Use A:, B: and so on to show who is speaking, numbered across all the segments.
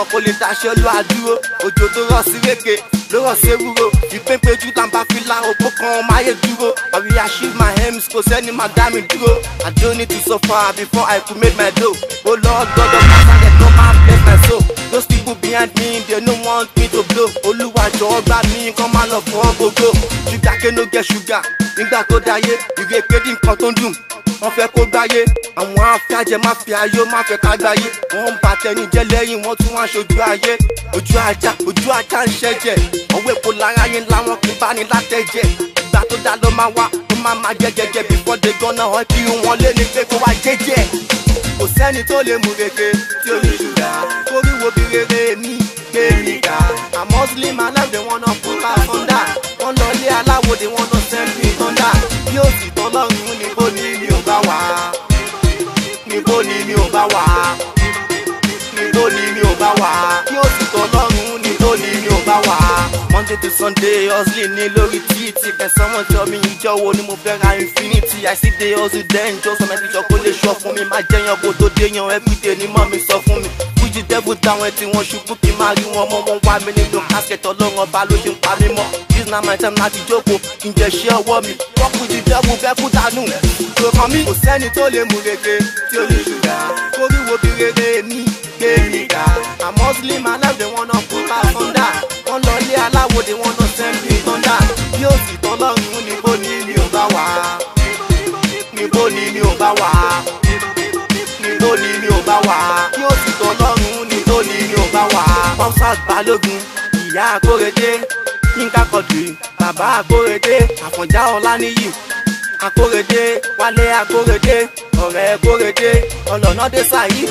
A: náà kó lè daṣẹ́ lọ àdúró òjò tó rọ̀ sí rékè ló rọ̀ sí ewúro ìpéńpéjú tàǹbà fìlà òpó kan máyé dúró àrí achieve my aims kò sẹ́ni máa dá mi dúró I don't need to suffer before I could make my dough oh Lord God of my target no man bless my soul those people behind me they no want me to blow olúwa jọ̀wọ́ gbà mí kán má lọ fún ọ gbogbo sugar ké no get sugar nígbà tó dáyé ìrèké dín nǹkan tó ń dùn wọ́n fẹ́ kó gbáyé àwọn afẹ́ajẹ má fi ayé má fẹ́ ká gbáyé wọ́n ń ba tẹni jẹ́ lẹ́yìn wọ́n tún wá ṣojú ayé ojú ajá ojú ajá ń ṣẹ́jẹ̀ ọwọ́ èpo lára yín láwọn kì í bá ní látẹ̀jẹ̀ ìgbà tó dá ló máa wá ó máa máa jẹ́jẹ́jẹ́ before they gonna hàn kí wọ́n lé ní pé kó wá jẹ́jẹ́ kò sẹ́ni tó lè mú rege tí ó ní ṣùgbà kóríwo bí rere mi gbé mi ga àmọ́ muslim aláwọ̀ bí ó sì tán níbo ní mi bá wà níbo ni mi ò bá wà níbo ni mi ò bá wà kí ó sì tọ́ lọ́rùn níbo ni mi ò bá wà. Monday to Sunday hustling ní lórí títì fẹ̀sán wọn jọ mi ìjọ wo ni mo fẹ́ ra infinity I see the hustle then just some ẹ̀sìn jọ kó lè sọ fún mi máa jẹyàn kó tó déyàn everyday ni mọ́ mi sọ fún mi jí dẹ́bù táwọn ẹtì wọn ṣubú kí n máa rí wọn mọ́ wọn wá mi nínú kásẹ̀tì ọlọ́run ọba ló ṣe ń pa mí mọ́ this na my time láti jókòó kí n jẹ ṣẹ́ ọwọ́ mi wọ́n jí dẹ́bù bẹ́ẹ̀ kú dànù ìrọ̀kan mi kò sẹ́ni tó lè mú rege tí ó ní ṣùgbà kórìwò bí rere mi gbé mi ga àmọ́ muslim aláwọ̀dé wọn náà kú bá sọ́ndà wọ́n lọ ilé aláwọ̀dé wọn náà sẹ́ńdì sọ́ndà bí ó sì tán lọ́rùn níbo ni mi ò bá wà níbo ni mi ò bá wà nítorí mi ò bá wà á kí ó sì tọ́ lọ́rùn nítorí mi ò bá wà á. Pọ́psat Balógun ìyá Akórèdé Yínká Quadri bàbá Akórèdé Àfọ̀njá Ọláníyì Akórèdé Wálé Akórèdé ọ̀rẹ́ Akórèdé ọlọ́nàdé Saheed.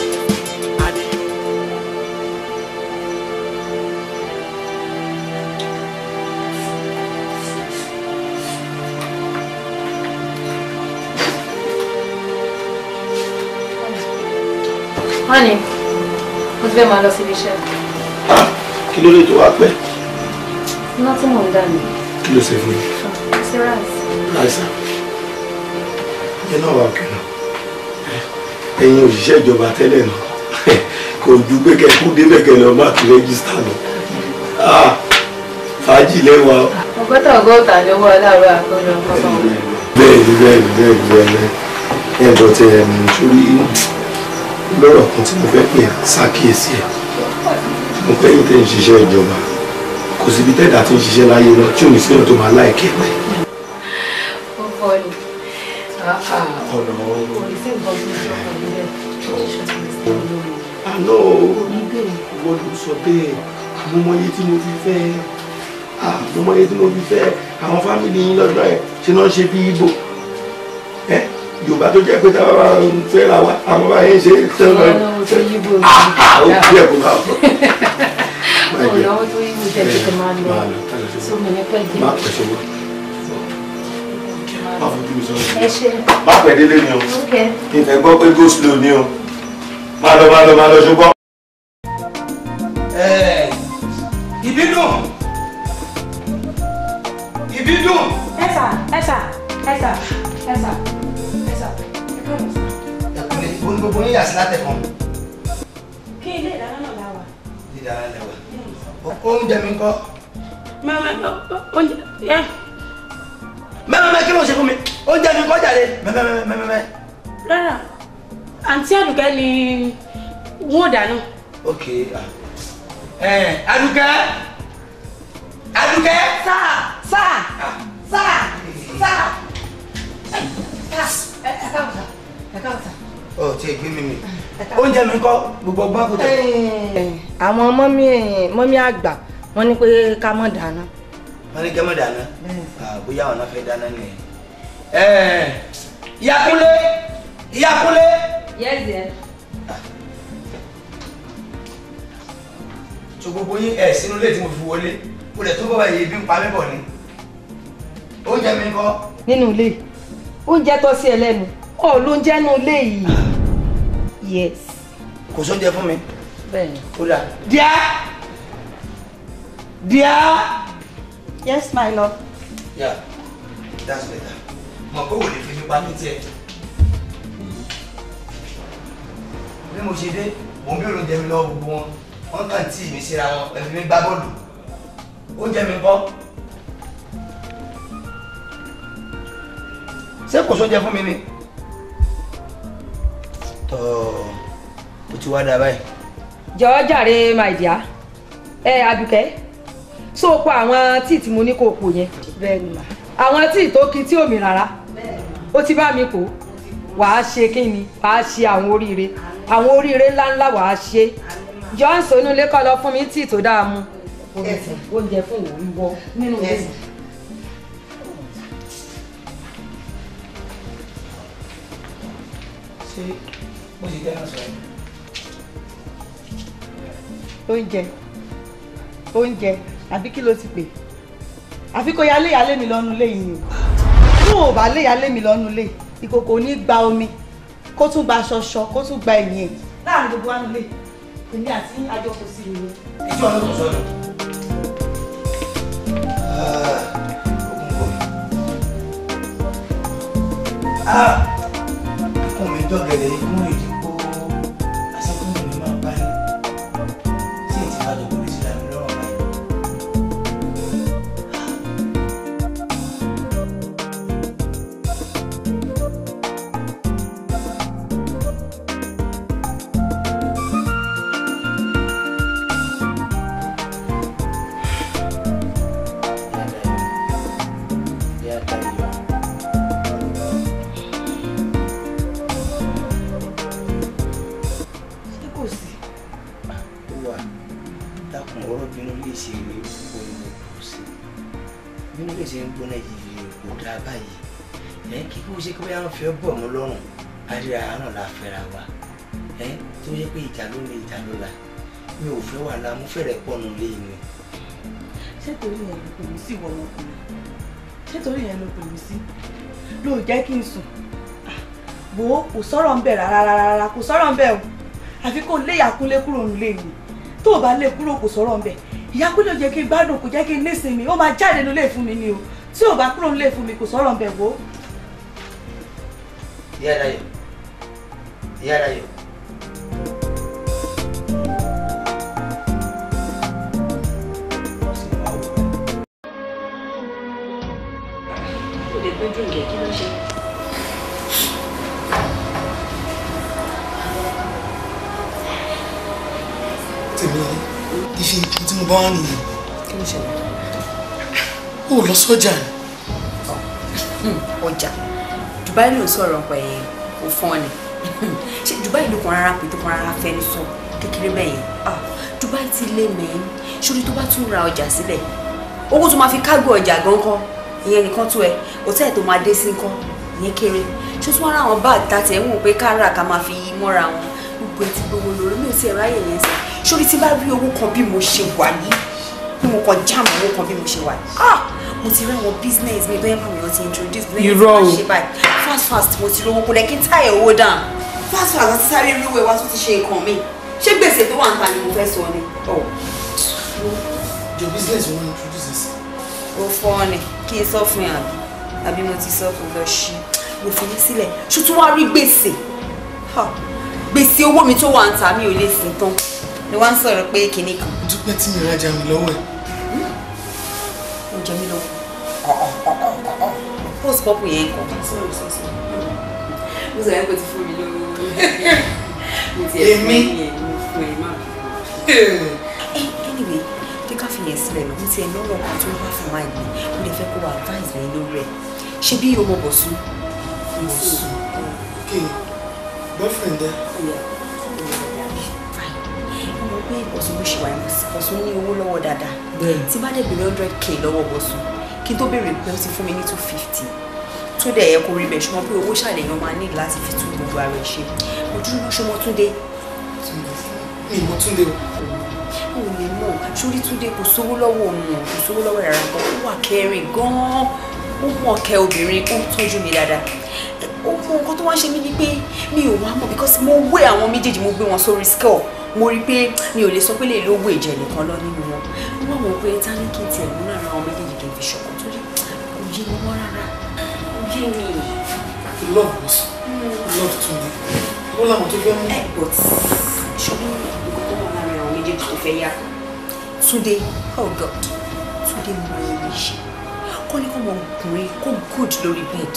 B: Honey, mo ti fẹ́ máa lọ síbi iṣẹ́.
C: Kí ló lè tó
A: wá pẹ́?
B: Iná tí mò ń dà ní.
A: Kí ló ṣe fún mi? Ṣé rice? Rice. Ẹ náà wà òkè náà. Ẹ̀yin òṣìṣẹ́ ìjọba tẹ́lẹ̀ náà kò ju pé kẹ́kú débẹ̀ kẹ́ lọ máa ti rẹ́gísítà lọ. Ah, fàájì lẹ́wà.
D: Ọgọ́ta ọgọ́ta ni owó aláàárọ̀ àkọ́jọ ọkọ̀
C: bẹ́ẹ̀ ni bẹ́ẹ̀ ni bẹ́ẹ̀ ni bẹ́ẹ̀ ni ẹ̀ bọ̀tẹ̀
A: lọ́rọ̀ kan tí mo fẹ́ pè ẹ́ ṣàkíyèsí ẹ̀ mo fẹ́ yín tẹ́ ń ṣiṣẹ́ ìjọba kò síbi tẹ́ẹ̀dá tí ń ṣiṣẹ́ láyé lọ tí òmìsí náà tó máa láìkẹ́ pẹ́. àná gbọ́dọ̀ sọ bẹ́ẹ̀ àmọmọye tí mo fi fẹ́ àmọmọye tí mo fi fẹ́ àwọn fámìlì yín lọ́dọ̀ ẹ̀ ṣe náà ṣe bí ibo yorùbá tó jẹ́ pé táwọn máa ń fẹ́ ra wa àwọn máa ń ṣe
B: tán lọ ah, ah, ó bí ẹ̀ kó máa bọ̀. ọ̀nà
D: tó yíbo tẹ̀lé tó máa lọ tó mi ní pẹ́ dé. má pẹ̀sẹ̀ wọ
A: má fojú mi sọ má pẹ̀ délé ni o ìfẹ́ gbọ́ pé go slow ni o má lọ má lọ má lọ ṣùgbọ́n. ìbínú ìbínú.
D: ẹ sà ẹ sà
B: ẹ sà ẹ sà ẹ̀kúnlẹ̀
A: ìbò ní gbogbo yín yà sí látẹ̀kùn.
B: kí ilé ìdáná náà la wà.
A: ilé ìdáná la wà. oúnjẹ mi ń kọ́. mama oúnjẹ yẹ. mẹ́mẹ́mẹ́ kí ló ń ṣe fún mi oúnjẹ mi kọ́ jáde mẹ́mẹ́mẹ́mẹ́mẹ́.
B: rárá àǹtí àdùkẹ́ ni wọ́n dànù.
A: ok ẹ àdùkẹ́
B: àdùkẹ́. sáà sáà sáà sáà.
D: 哎，哎，哎，干不成。
A: ọ ti gbé mi mi oúnjẹ mi kọ gbogbo ọgbọ́n kò tẹ.
B: Eh, àwọn mọ́mí eh, mọ́mí àgbà wọ́n ní pé ká mọ̀ dáná.
A: wọ́n ní ká mọ̀ dáná bóyá ọ̀nà fẹ́ dáná nìyẹn. Eh, yakunle yakunle.
B: yes yes. Ah.
A: tó gbogbo yín ẹ sínú ilé tí mo fi wọlé mo lè tó bọ́ báyìí ebi ń pa mí bọ̀ ni
B: oúnjẹ mi kọ. nínú ilé oúnjẹ tó sí ẹ lẹ́nu Oh, ló ń jẹ́nu ilé yìí yes.
A: kò sóúnjẹ fún mi. bẹ́ẹ̀ni. ó dà.
B: díà yes my love.
A: yeah that's better mọ̀ pé òòlù fi nípa ní tiẹ̀. bí mo ṣe dé mo ń bí oúnjẹ mi lọ́wọ́ gbogbo wọn wọ́n kàn tí mi síra wọn ẹ̀fí mi gbá bọ́ọ̀lù oúnjẹ mi kọ́.
B: ṣé kò sóúnjẹ fún mi ni
A: tọ́ ọ ti wá dà báyìí.
B: jọ̀ọ́ jàre my dear ẹ Àbíkẹ́ so pa àwọn tíì tí mo ní kó pò yẹn. bẹ́ẹ̀ ni mà. àwọn tíì tó kí tí ò mì rárá. bẹ́ẹ̀ ni. ó ti bá mi kó wàá ṣe kí ni wàá ṣe àwọn oríire àwọn oríire ńláńlá wàá ṣe johnson inú kọ́ lọ fún mi tíì tó dáa mu oúnjẹ fún òun bọ nínú ilé.
D: ṣé mo ti tẹ́ náà sọ yẹn.
B: oúnjẹ oúnjẹ àbí kí ló ti pè àfi kò yálé yálé mi lọ́nu lé yìí o tó o bá lé yálé mi lọ́nu lé ìkòkò ní gba omi kó tún gba ṣọṣọ kó tún gba ẹ̀yìn ẹ̀ láàrin gbogbo àánú lè èmi àti àjọ kò sí ìwé. ìjọ
D: ló ń sọ̀rọ̀.
A: ọkùnrin jọ gẹ̀dẹ̀ ikú rẹ̀. nínú bí ṣe ń gbóná yìí kò dáa báyìí lẹ́yìn kí kó ṣe kí wọ́n fẹ́ bọ̀ mọ́ lọ́rùn àríra àárọ̀ la fẹ́ra wa tó yẹ pé ìjà ló lé ìjà ló la mi ò fẹ́ wà la mú fẹ́rẹ̀ pọ̀nù lé mi.
B: ṣé torí ẹ̀ ló pè mí sí ìwọ ọmọkùnrin ṣé torí ẹ̀ ló pè sí ló jẹ́ kí n sùn wò kò sọ̀rọ̀ ń bẹ̀ rárá rárá kò sọ̀rọ̀ ń bẹ̀ o àfi kó lé ìyàkúnlé kúrò nílé mi tó o bá lè kúrò kò sọ̀rọ̀ ń bẹ̀ ìyá kúlẹ̀ jẹ́ kí n gbádùn kò jẹ́ kí n nísinmi ó máa jáde nílé fún mi ni o tí ò bá kúrò nílé fún mi kò sọ̀rọ̀ ńbẹ̀ wò.
A: ìyá Dayọ̀ ìyá Dayọ̀ yìnbọn nù.
B: kí ló ṣẹlẹ̀.
A: o lọ sọ́jà ni.
B: Hmm, ọjà Dubai ló ń sọ̀rọ̀ ọ̀pọ̀ O kò fọ́n ni ṣe Dubai ló kàn rárá pé tó kàn rárá fẹ́ ní sọ kékeré bẹ́ẹ̀ ah, Dubai ti lé mẹ́rin ṣórí tó bá tún ra ọjà sílẹ̀ owó tó máa fi kágò ọjà gan kọ́ ìyẹn nìkan tó ẹ òtẹ́ẹ̀ tó máa dé sí nǹkan ìyẹn kéré ṣé tí wọ́n ra àwọn báàgì tá ń wò pé ká rà ká máa fi mọ́ra wọn gbogbo ẹ̀ ti gbogbo lórí mi ò tiẹ̀ ráyè yẹn sẹ́yìn sórí tí bá rí owó kan bí mo ṣe wà yìí mo kàn jam owó kan bí mo ṣe wà yìí ah! mo ti rí àwọn business mi bẹ́ẹ̀ mọ̀ mi ò ti introduce mi lẹ́yìn tí fast fast mo ti rówó kó lẹ́ kí n táyà owó dàn fast fast àti sáré rúwẹ̀ wá tó ti ṣe nǹkan mi ṣé gbèsè tó wà ń ta ni mo fẹ́ sọ ni. your business won introduce us. o fọ́ ni kí n sọ fún yàrá àbí mo ti sọ kò lọ ṣí mo fi mí sílẹ̀ ṣùtú wá rí gbèsè gbèsè owó mi tó wà ń ta mi ò lè sìn tán ni wọ́n ń sọ̀rọ̀ pé kinní kan.
E: dúpẹ́ tí mi rajà mi lọ́wọ́ ẹ̀. Hmm?
B: ó jẹ mí lọ́wọ́. post pop yẹn kọ. mo sọ yẹn kò ti fún mi lówó. mo ti ẹ̀ fún yẹn mo fún ẹ má. Eh, anyway bí ká fi yẹn sílẹ̀ lọ mo ti ẹ̀ lọ́wọ́ kan tó ń bá fún wa yìí mo lè fẹ́ kó wa advice rẹ lórí ẹ̀ ṣe bí ọmọ bọ̀ sùn. bọ̀ sùn kí ni boyfriend ẹ pé Bọ̀sùn bó ṣe wà ní Bọ̀sùn ní owó lọ́wọ́ dáadáa tí bá dẹ̀ bèrè hundred k lọ́wọ́ Bọ̀sùn kí n tó bèrè pé ó ti fún mi ní two fifty tó dẹ̀ yẹ kó rí bẹ̀ ṣùgbọ́n pé owó ṣàlèyàn máa ní láti fi tún gbogbo ara ẹ̀ ṣe mo dúró lọ́sọ mọ́ Túndé. mi mo Túndé o. o lè mọ sórí Túndé kò sówó lọ́wọ́ òun kò sówó lọ́wọ́ rárá kan ó wà kẹrin gan ó mú ọ̀kẹ́ obìnrin ó tọ́jú mi dáadáa ó mú nǹkan tó wá ṣe mí ni pé mi ò wá mọ̀ because mo wé àwọn méjèèjì mo gbé wọn sórí scale mo rí i pé mi ò lè sọ pé lè lówó ìjẹ nìkan lọ nínú wọn wọn wọ pé ta ni kí n tiẹ̀ mú lára àwọn méjèèjì kí n fi ṣọ̀kan tó dé kò mi mọ́ rárá kò mi. love was love to me wọn làwọn tó fẹ́ mú. ẹ bọ̀ ṣùgbọ́n nǹkan tó wà lára àwọn méjèèjì tó fẹ́ yá Túndé oh God Túndé mo lè rí ṣe kọ́ ni kọ́ mọ ọkùnrin kó good lórí bed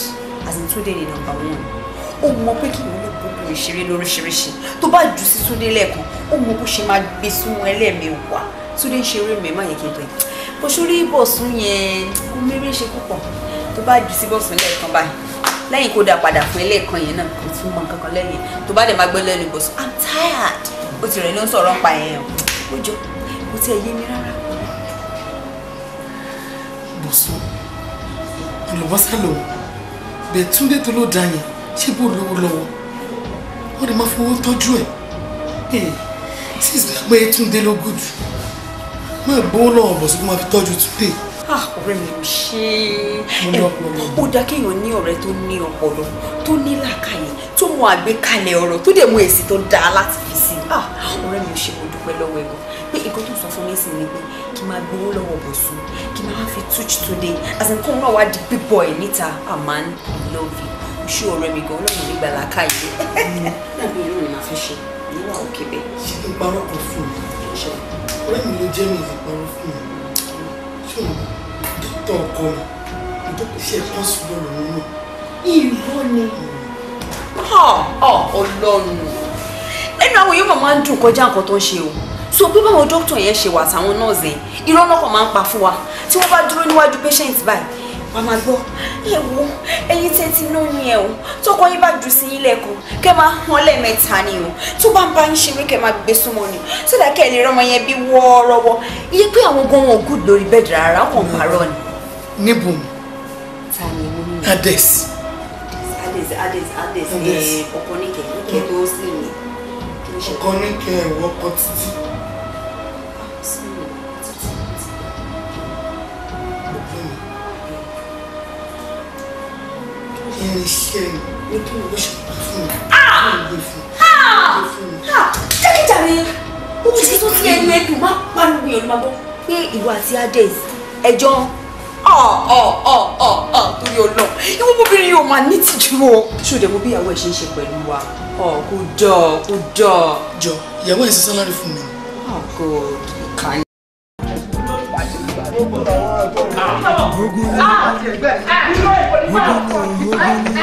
B: as in Túndé ni number one ó mọ pé kí ìwọlé gbogbo ìṣeré lóríṣiríṣi tó bá jù sí Túndé lẹ́ẹ̀kan ó mọ bó ṣe máa gbé súnmọ́ ẹlẹ́ẹ̀mẹwàá Túndé ń ṣeré mẹ́mà yẹn kí n tọ́ yìí kò sórí bọ̀sùn yẹn kò mérè ṣe púpọ̀ tó bá jù sí bọ̀sùn lẹ́ẹ̀kan báyìí lẹ́yìn kó dà padà fún ẹlẹ́ẹ̀kan yẹn náà kò tún mọ nǹkan kan lẹ́yìn tó bá dẹ̀ máa gbé lẹ́nu bọ̀sùn i'm tired ó ti rẹ̀ ló ń sọ̀rọ̀ pa yẹn o ó jọ kò tiẹ̀ yé mi rárá. bọ̀sùn kò lọ bọ́ sálọ
A: bẹ́ẹ̀ Túndé tó ló dá yẹn ṣé bó lówó lọ́wọ́ wọ́n lè máa fowó tọ́jú ẹ̀ sísè pé túndé ló gùdù máa gbówó lọ́wọ́
B: bọ̀ sí kó máa fi tọ́jú túndé. Ah, ọ̀rẹ́ mi ò ṣe é ó dá kéèyàn ní ọ̀rẹ́ tó ní ọpọlọ tó ní làákàyè tó mọ àgbékalẹ̀ ọ̀rọ̀ tó dẹ̀ mọ èsì tó dáa láti fi sí i ah, ọ̀rẹ́ mi ò ṣe mo dúpẹ́ lọ́wọ́ ẹ̀gọ́ pé nǹkan tó sọ fún mi sì ni pé kí n máa gbowó lọ́wọ́ bọ̀sùn kí n máa fi touch today as in kóun náà wá di big boy níta I man love you ṣú ọ̀rẹ́ mi gan náà nígbà làákàyè dàbí mm. irú mi máa fi ṣe níwà òkè bẹ́ẹ̀. ṣé kí n parọ́ kan fún mi ọ̀rẹ́ mi ló jẹ́ mi lè parọ́ fún
A: mi ṣé o dókítà ọkọ mi ìdókòó ṣe ẹ̀kọ́ ṣùgbọ́n òun náà. ìwọ ni
B: ọlọ́run lẹ́nu àwọn yóò máa ń dùn kọjá nǹkan tó ń ṣe o so bí báwọn dókítà yẹn ṣe wà táwọn nọ́ọ̀sì irọ́ náà kàn máa ń pa fún wa tí wọ́n bá dúró níwájú patient báyìí màmá gbọ́ ẹ wo ẹyin tẹ́ ti ná ni ẹ o tọkọ yín bá jù sí yín lẹ́kọ̀ọ́ kẹ́ máa hàn lẹ́ẹ̀mẹ́ta ni o tó bá ń bá yín ṣeré kẹ́ máa gbé súnmọ́ ni sódà kẹ́ ẹ lè rọmọ yẹn bí wọ́ọ́rọ́wọ́ iye pé àwọn gan wọn gùd lórí bẹ́ẹ̀dì rárá wọn parọ́ ni. níbo ni Hades. Hades Hades Hades eh, ọkọ níkẹ níkẹ tó sì ní.
D: ọkọ irinṣẹ́ ní kí Oh, ṣe pa fún
B: mi. jákèjàre mo ti tó sí ẹnu ẹdùn má pariwo yẹn ló máa gbọ́ pé ìwọ àti adès ẹjọ́ torí ọlọ ìwọ ọmọbìnrin yóò máa ní tìjú o. ṣùgbọ́n mo bí ìyàwó ẹ̀ ṣe ń ṣe Oh, good kò good kò jọ. jọ ìyàwó ẹ̀ ṣe sálárì fún mi. kò kàn án.
A: Ogun ni ogun
D: ni
B: ogun
F: ni ogun ni.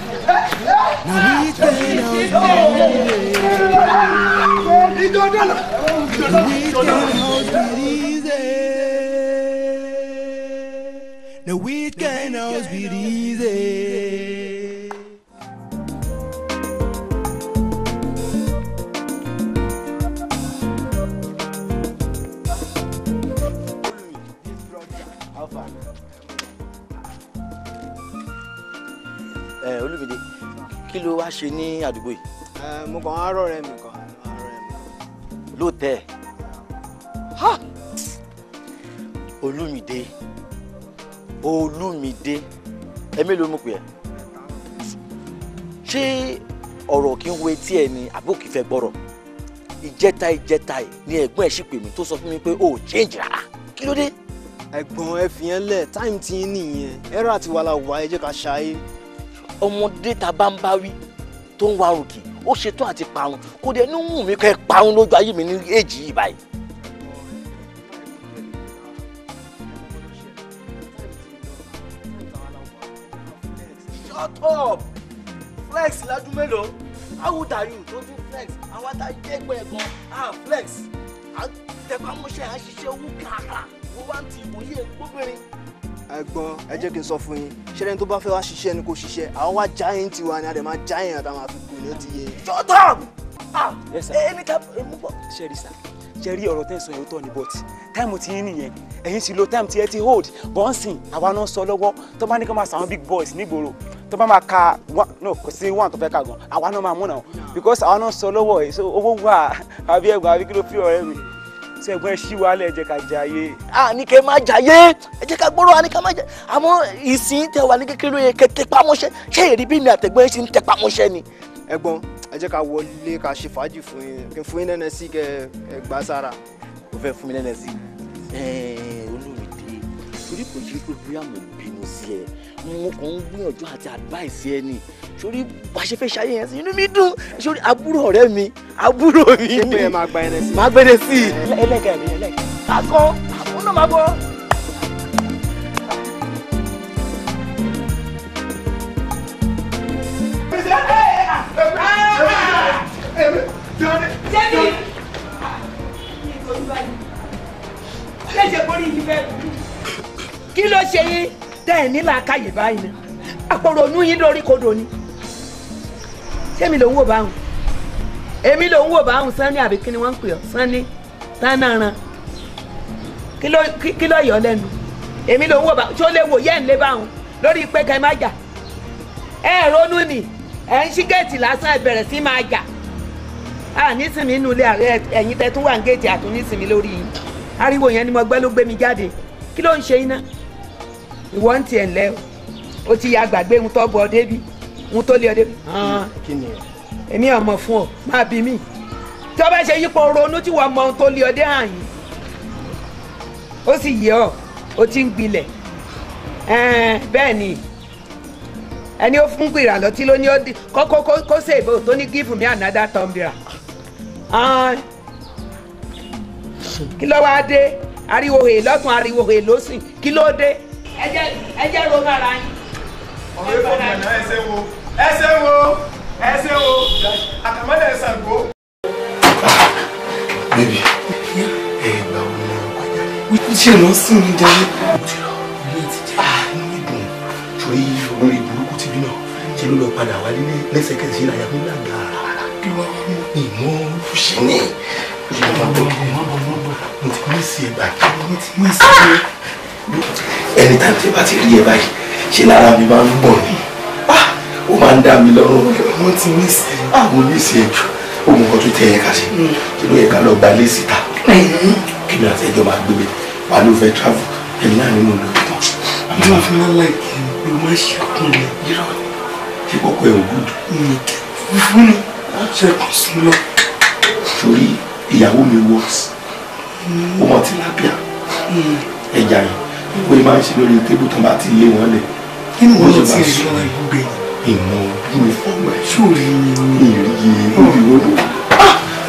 D: Now we can hold it easy.
A: We can hold it easy. can always be kí ló wá ṣe ní àdúgbò yìí. mo kàn á rọ̀ rẹ̀ mi kan. lóòótẹ́ olúmídé olúmídé ẹ̀mí ló mú pé ẹ̀ ṣé ọ̀rọ̀ kí n wo etí ẹ ni àbí òkè fẹ́ gbọ́rọ̀ ìjẹta ìjẹta ni ẹ̀gbọ́n ẹ̀ sì pè mí tó sọ fún mi pé o ò change rárá kí ló dé. ẹ̀gbọ́n ẹ fi yẹn lẹ̀ táìmù ti yín nìyẹn ẹ̀rọ àti wàhálà wà ẹ jẹ́ ká ṣayé ọmọdé ta bá ń bá wí tó ń wa rùkì ó ṣetán àti parun kò dé ní wù mí kẹ́ parun lójú ayé mi ní èjì yìí báyìí. shut up flex lájú mélòó how old are you tó tún flex àwọn ata jẹ́ ẹgbẹ́ gan ah flex tẹ̀fà mọ́ṣẹ́ àṣìṣe owó kàkà wọ́n wá ń ti ìwòye gbóbìnrin ẹ̀gbọ́n ẹ jẹ́ kí n sọ fún yín ṣé ẹni tó bá fẹ́ wá ṣiṣẹ́ ni kò ṣiṣẹ́ àwọn wá jáyìn tiwa ni a dẹ̀ máa jáyìn àtàwọn àfikún ní ó ti yé. shut up ah ẹni ká mú bọ̀. ṣẹ́ẹ̀rì sá ṣẹ́ẹ̀rì ọ̀rọ̀ tẹ́ sọ yẹn ó tọ́ ni but táìmù ti yín nìyẹn ẹ̀yin ti lo táìmù ti ẹ ti hold bọ́ǹsìn àwa náà sọ lọ́wọ́ tó bá ní kí máa sàwọn big boys nígboro tó bá máa ka no kò sí one tó fẹ́ ka gan àwa náà máa múnà because àwa náà sọ lọ́wọ́ ẹ̀ so owó wà àbí ẹ̀gbọ́n àbí kí ló fi ọ̀rẹ́ mi ṣẹ́gbọ́n ṣíwálẹ̀ ẹ jẹ́ ká jayé. a ní kẹ́ máa jayé ẹ jẹ́ ká gbọ́rọ̀ a ní ká máa jayé àmọ́ ìsìn tẹ wà ní kékeré yẹn kẹ́ tẹpá ṣé èrè bí mi àtẹ̀gbọ́n ṣe ń tẹpá ni. ẹ̀gbọ́n ẹ jẹ́ ká wọlé ká ṣe fàájì fún yín kí n fún yín nẹ́nẹ́ sí kẹ́ ẹ gbà sára. o fẹ́ fún mi nẹ́nẹ́ sí. ẹ olórí mo kàn ń gbìyànjú àti advice ẹ ni sórí bá ṣe fẹ́ ṣayé yẹn sí inú mi dùn sórí àbúrò ọ̀rẹ́ mi àbúrò mi ni. ṣé pé ẹ máa gba ẹrẹ sí. máa gbẹrẹ sí i. ẹlẹ́gàá mi ẹlẹ́gàá. kakọ́ àbúrò máa bọ̀. jẹ́bi kí ló ṣe yín tẹ́ ẹ̀ nílà káyè báyìí ni àpòrò oyún yín lórí kodò ni sẹ́mi ló ń wò báwọn èmi ló ń wò báwọn sanni àbí kí ni wọ́n ń pè ọ́ sanni tánáran kí ló yọ lẹ́nu èmi ló ń wò báwọn tí ó lè wò yẹ́ ń lé báwọn lórí pé kẹ́ ẹ má jà ẹ ronú ni ẹ ń ṣí géètì lásán
B: ẹ bẹ̀rẹ̀ sí máa jà
A: a nísìmí inú ilé ààrẹ ẹ̀yin tẹ́ tún wà ń géètì àtún nísìmí lórí yìí ariwo yẹn ni mo gbẹ́ ló gbé mi jáde kí ló ń ṣe iná ìwọ ń tiẹ̀ lẹ́ o ti ya gbàgbé ń tọ́ bọ débi ń tó lé ọ débi. èmi ọmọ fún ọ máa bí mi tí ọba ṣe yípo ronú tí wọ́n mọ ohun tó lé ọ dé hàn yìí ó sì yẹ ọ o ti ń gbilẹ̀ bẹ́ẹ̀ ni ẹni ó fún gbìrà lọtí ló ní ó di kókó kó ṣe ìbò tó ní give me another tumbira kí ló wáá dé ariwo he lọ́tún ariwo he lọ́sìn kí ló dé
D: ẹ
A: jẹ́ ronú ara yín. ọ̀rọ̀ èkó mọ̀nà ẹsẹ̀ wo ẹsẹ̀ wo ẹsẹ̀ wo àkàmọ́lẹ̀ ẹsẹ̀ àgbo.
D: bébì ẹ
A: gbà wo ni wọn kọjá. wípé ṣe ló ń sùn ní jẹun. mo ti lọ ilé ti jẹ. a ah, ní ìdùn sórí olórí burúkú tìbí náà ṣe ló lọ padà wálé lẹ́sẹ̀kẹsẹ̀ ìlànà ìlànà gàrà ìmọ̀ olùṣe ní ìlú ọmọ mo ti mí sí ẹgbàá mo ti mí sí ẹgbàá ẹni tá à ń tẹ bá ti rí ẹ báyìí ṣe lára mi máa ń gbọ̀n ni ah, ó máa ń dá mi lọ́rùn ọmọ tí mi sì àwọn mi sì ẹjọ́ òun kan tó tẹ ẹ ká ṣe mm. kí ló yẹ ká lọ gba ilé síta
D: kí
A: ni àti ẹjọ́ máa gbébẹ̀ wà ló fẹ́ travel èmi náà ni mo lò ó tán. ìjọba fún wa láì kí ló máa ṣe kúnlẹ̀. irọ́ ni ṣé kọ́kọ́ ẹ̀ ò gùdù. Mm. fún mi ṣe kò sí lọ. torí ìyàwó mi wọ́ọ̀sì mm. ó mọ̀ tí lábíà ẹja yìí wọ́n lè máa ń ṣe lórí tébù tó bá ti lé wọn lẹ̀. nínú wọn ti rí wọn ibùgbé. ìmọ̀ ojú mi fọ́ọ̀mù ẹ̀. sóòrì ni mi. ìrìyè ìrìwò lò.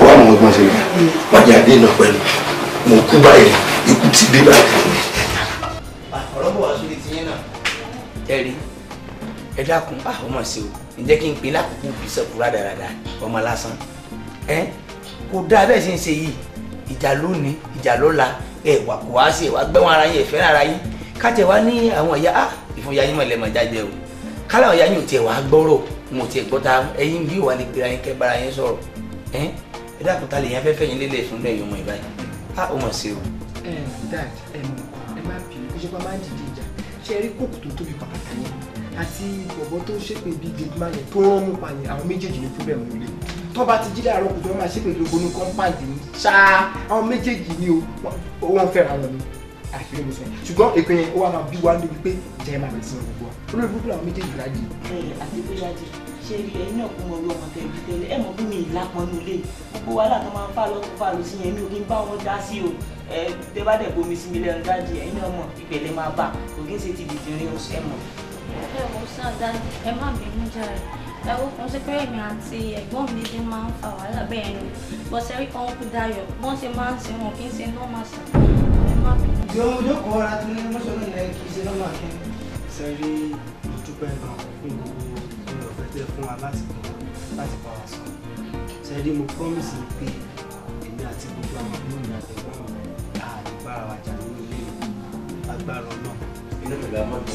A: ọwọ́ àwọn ọgbọ́n ṣe rẹ̀ wájà dé náà pẹ̀lú mo kú báyìí ikú ti dé báyìí. ọ̀rọ̀ bọ̀ wá sórí tiyẹn náà. ẹ rí ẹ dákun bá ah, ọmọ ṣe o ǹjẹ́ kí n pin lákòókò bíṣọ̀pù rádaràda ọmọ lásán ẹ kò dáa bẹ́ẹ̀ ṣe ń ṣe yìí ìjà lónìí ìjà lọ́la ẹ wà kó wá sí ẹ wá gbẹ́wọ̀n ara yín ẹ fẹ́ràn ara yín kájẹ wá ní àwọn ẹ̀yà á ah, ìfúnya yín mọ̀lẹ́mọ̀ jáde o kálá àwọn ẹ̀yà yín ò tiẹ̀ wá gbọ́rọ̀ wọn ò tiẹ̀ gbọ́ ta ẹ̀yin bí wà ní pera yín kẹ́ bára yín sọ̀rọ̀ ẹ ẹ dákun ta lè yẹn fẹ́fẹ́ yín lélẹ̀ fún lẹ́yìn ọmọ ìbáyìí á ah, ó sí o. ẹ dad ẹ mọ ẹ má bì í ṣe pa má dìde ìjà ṣe rí kóòkù tó tóbi pàtàkì yẹn àti bọ̀bọ̀ tó ṣépè bíi gate man yẹn tó rán mú tó bá ti jí láàárọ̀ kùtù wọn máa ṣe pẹ̀lú ogun kọ́ńpáǹdì ni ṣáá àwọn méjèèjì ni o wọn fẹ́ràn wọn ni àfihàn mi sọ ṣùgbọ́n èpè yẹn ó wà máa bí wa níbi pé ìjà ẹ máa bẹ̀rẹ̀ sí ní gbogbo wa olórí burúkú làwọn méjèèjì lájì. ẹ àti pé lájì ṣe rí ẹyin náà kún ọwọ́ ọmọ tẹ̀lé tẹ́lẹ̀ ẹ mọ̀ bí mi ìlápọn ní ilé gbogbo wàhálà tó máa ń fà lọ́tún fà lọ́sí yẹn mi ò kí ń bá wọn dá sí o ẹ tẹ bá dẹ̀ bomi sí mi lẹ́nu dájú ẹyin náà mọ̀ ìpẹ̀lẹ̀ máa bà kò kí ń ṣe ti dìdìrín
B: ẹ mọ̀. ẹ wò sàn dáadé ẹ má bínú jáde ẹ̀rọ kan ṣe pé èmi àti ẹ̀gbọ́n mi ti máa ń fa wàhálà bẹ́ẹ̀ ni bọ́sẹ̀ rí kan kú dayọ̀ wọ́n ṣe máa ń ṣe wọn kí n ṣe nọ́ọ̀mà sàn ẹ má bì.
A: ìjọba ojú kò ara tó ní mọ́ṣọ́nù ilẹ̀ kì í ṣe nọ́ọ̀mà kí. sẹ́rí ìdúpẹ́ náà fún gbogbo olùfẹ́ tẹ fún wa láti bọ̀ láti bá wa sọ sẹ́rí mo promise mi pé èmi àti gbogbo àwọn ọmọ mi àtẹ̀gbọ́n mi àdìbára wa jà nínú ilé agbára náà. inú mi làmọ́ mi.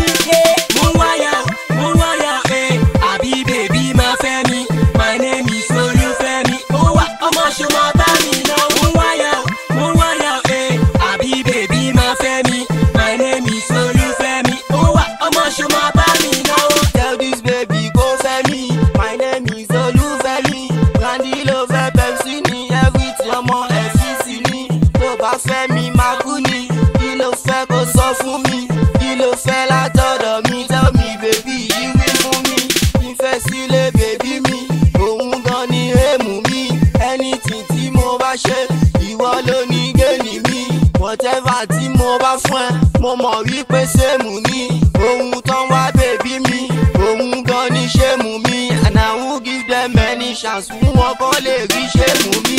A: nígbà tí mo bá fún ẹ mo mọ̀ wípé sẹ́mu ni ohun tán wá bèbí mi ohun gan ni sẹ́mu mi and I will give them any chance fún wọn kọ́ lè rí sẹ́mu mi.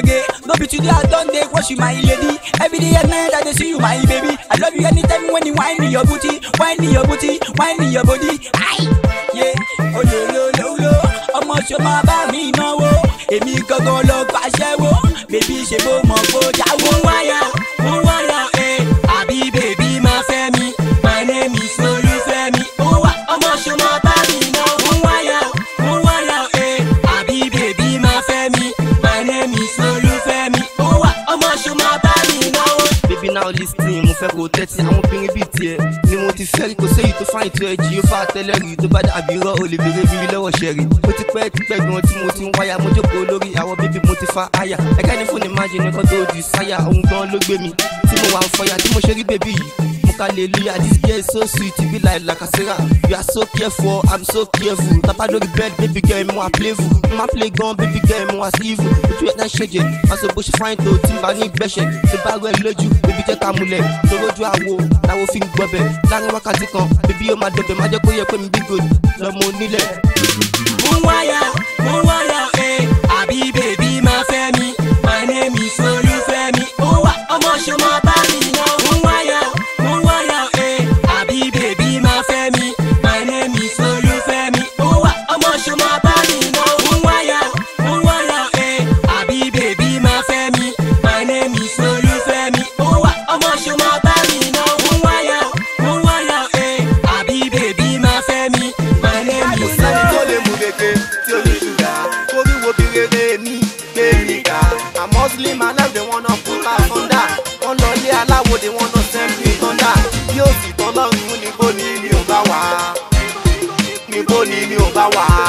F: again. No be today I don't day watch you my lady. Every day and night I dey see you my baby. I love you anytime when you whine in your booty, whine in your booty, whine in your body. Aye, yeah, oh lo lo lo lo. Ọmọ ṣe máa bá mi náwó, èmi gangan lọ pàṣẹ wo, bèbí ṣe bó mọ̀ kó jáwó wá.
A: ìrẹjì ó fà tẹ́lẹ̀ rí tó bá dàbí rọ́ olè bèrè bí lọ́wọ́ ṣẹ̀rí mo ti pẹ́ tipẹ́ gan tí mo ti ń wáyà mo fa aya ẹ̀kẹ́ ní fún imagine nǹkan tó di sáyà òun gan ló gbé mi tí mo wà ń fọyà tí mo ṣe rí bèbí yìí mo ka lè luya this girl so sweet be like lakasera you are so careful i'm so careful tapa lórí bed baby girl mo wà playful mo ma play gan baby girl mo wà civil ojú ẹ̀ náà ṣèjẹ̀ aṣọ bó ṣe fáyín tó tí n bá ní gbẹ̀ṣẹ̀ tó bá rẹ̀ lójú baby jẹ́ ká múlẹ̀ torójú àwo làwọn fi ń gbọ́bẹ̀ láàrin wákàtí kan baby yóò máa dọ̀bẹ̀ má jẹ́ kó yẹ pé mi bí gòdì lọ́mọ onílẹ̀. mo ń wáyà mo ń wáyà ẹ eh, àbí bèbí.
F: Olúfẹ́mi my name is Olúfẹ́mi ó wà ọmọ ṣọmọ bá.
A: bá wà á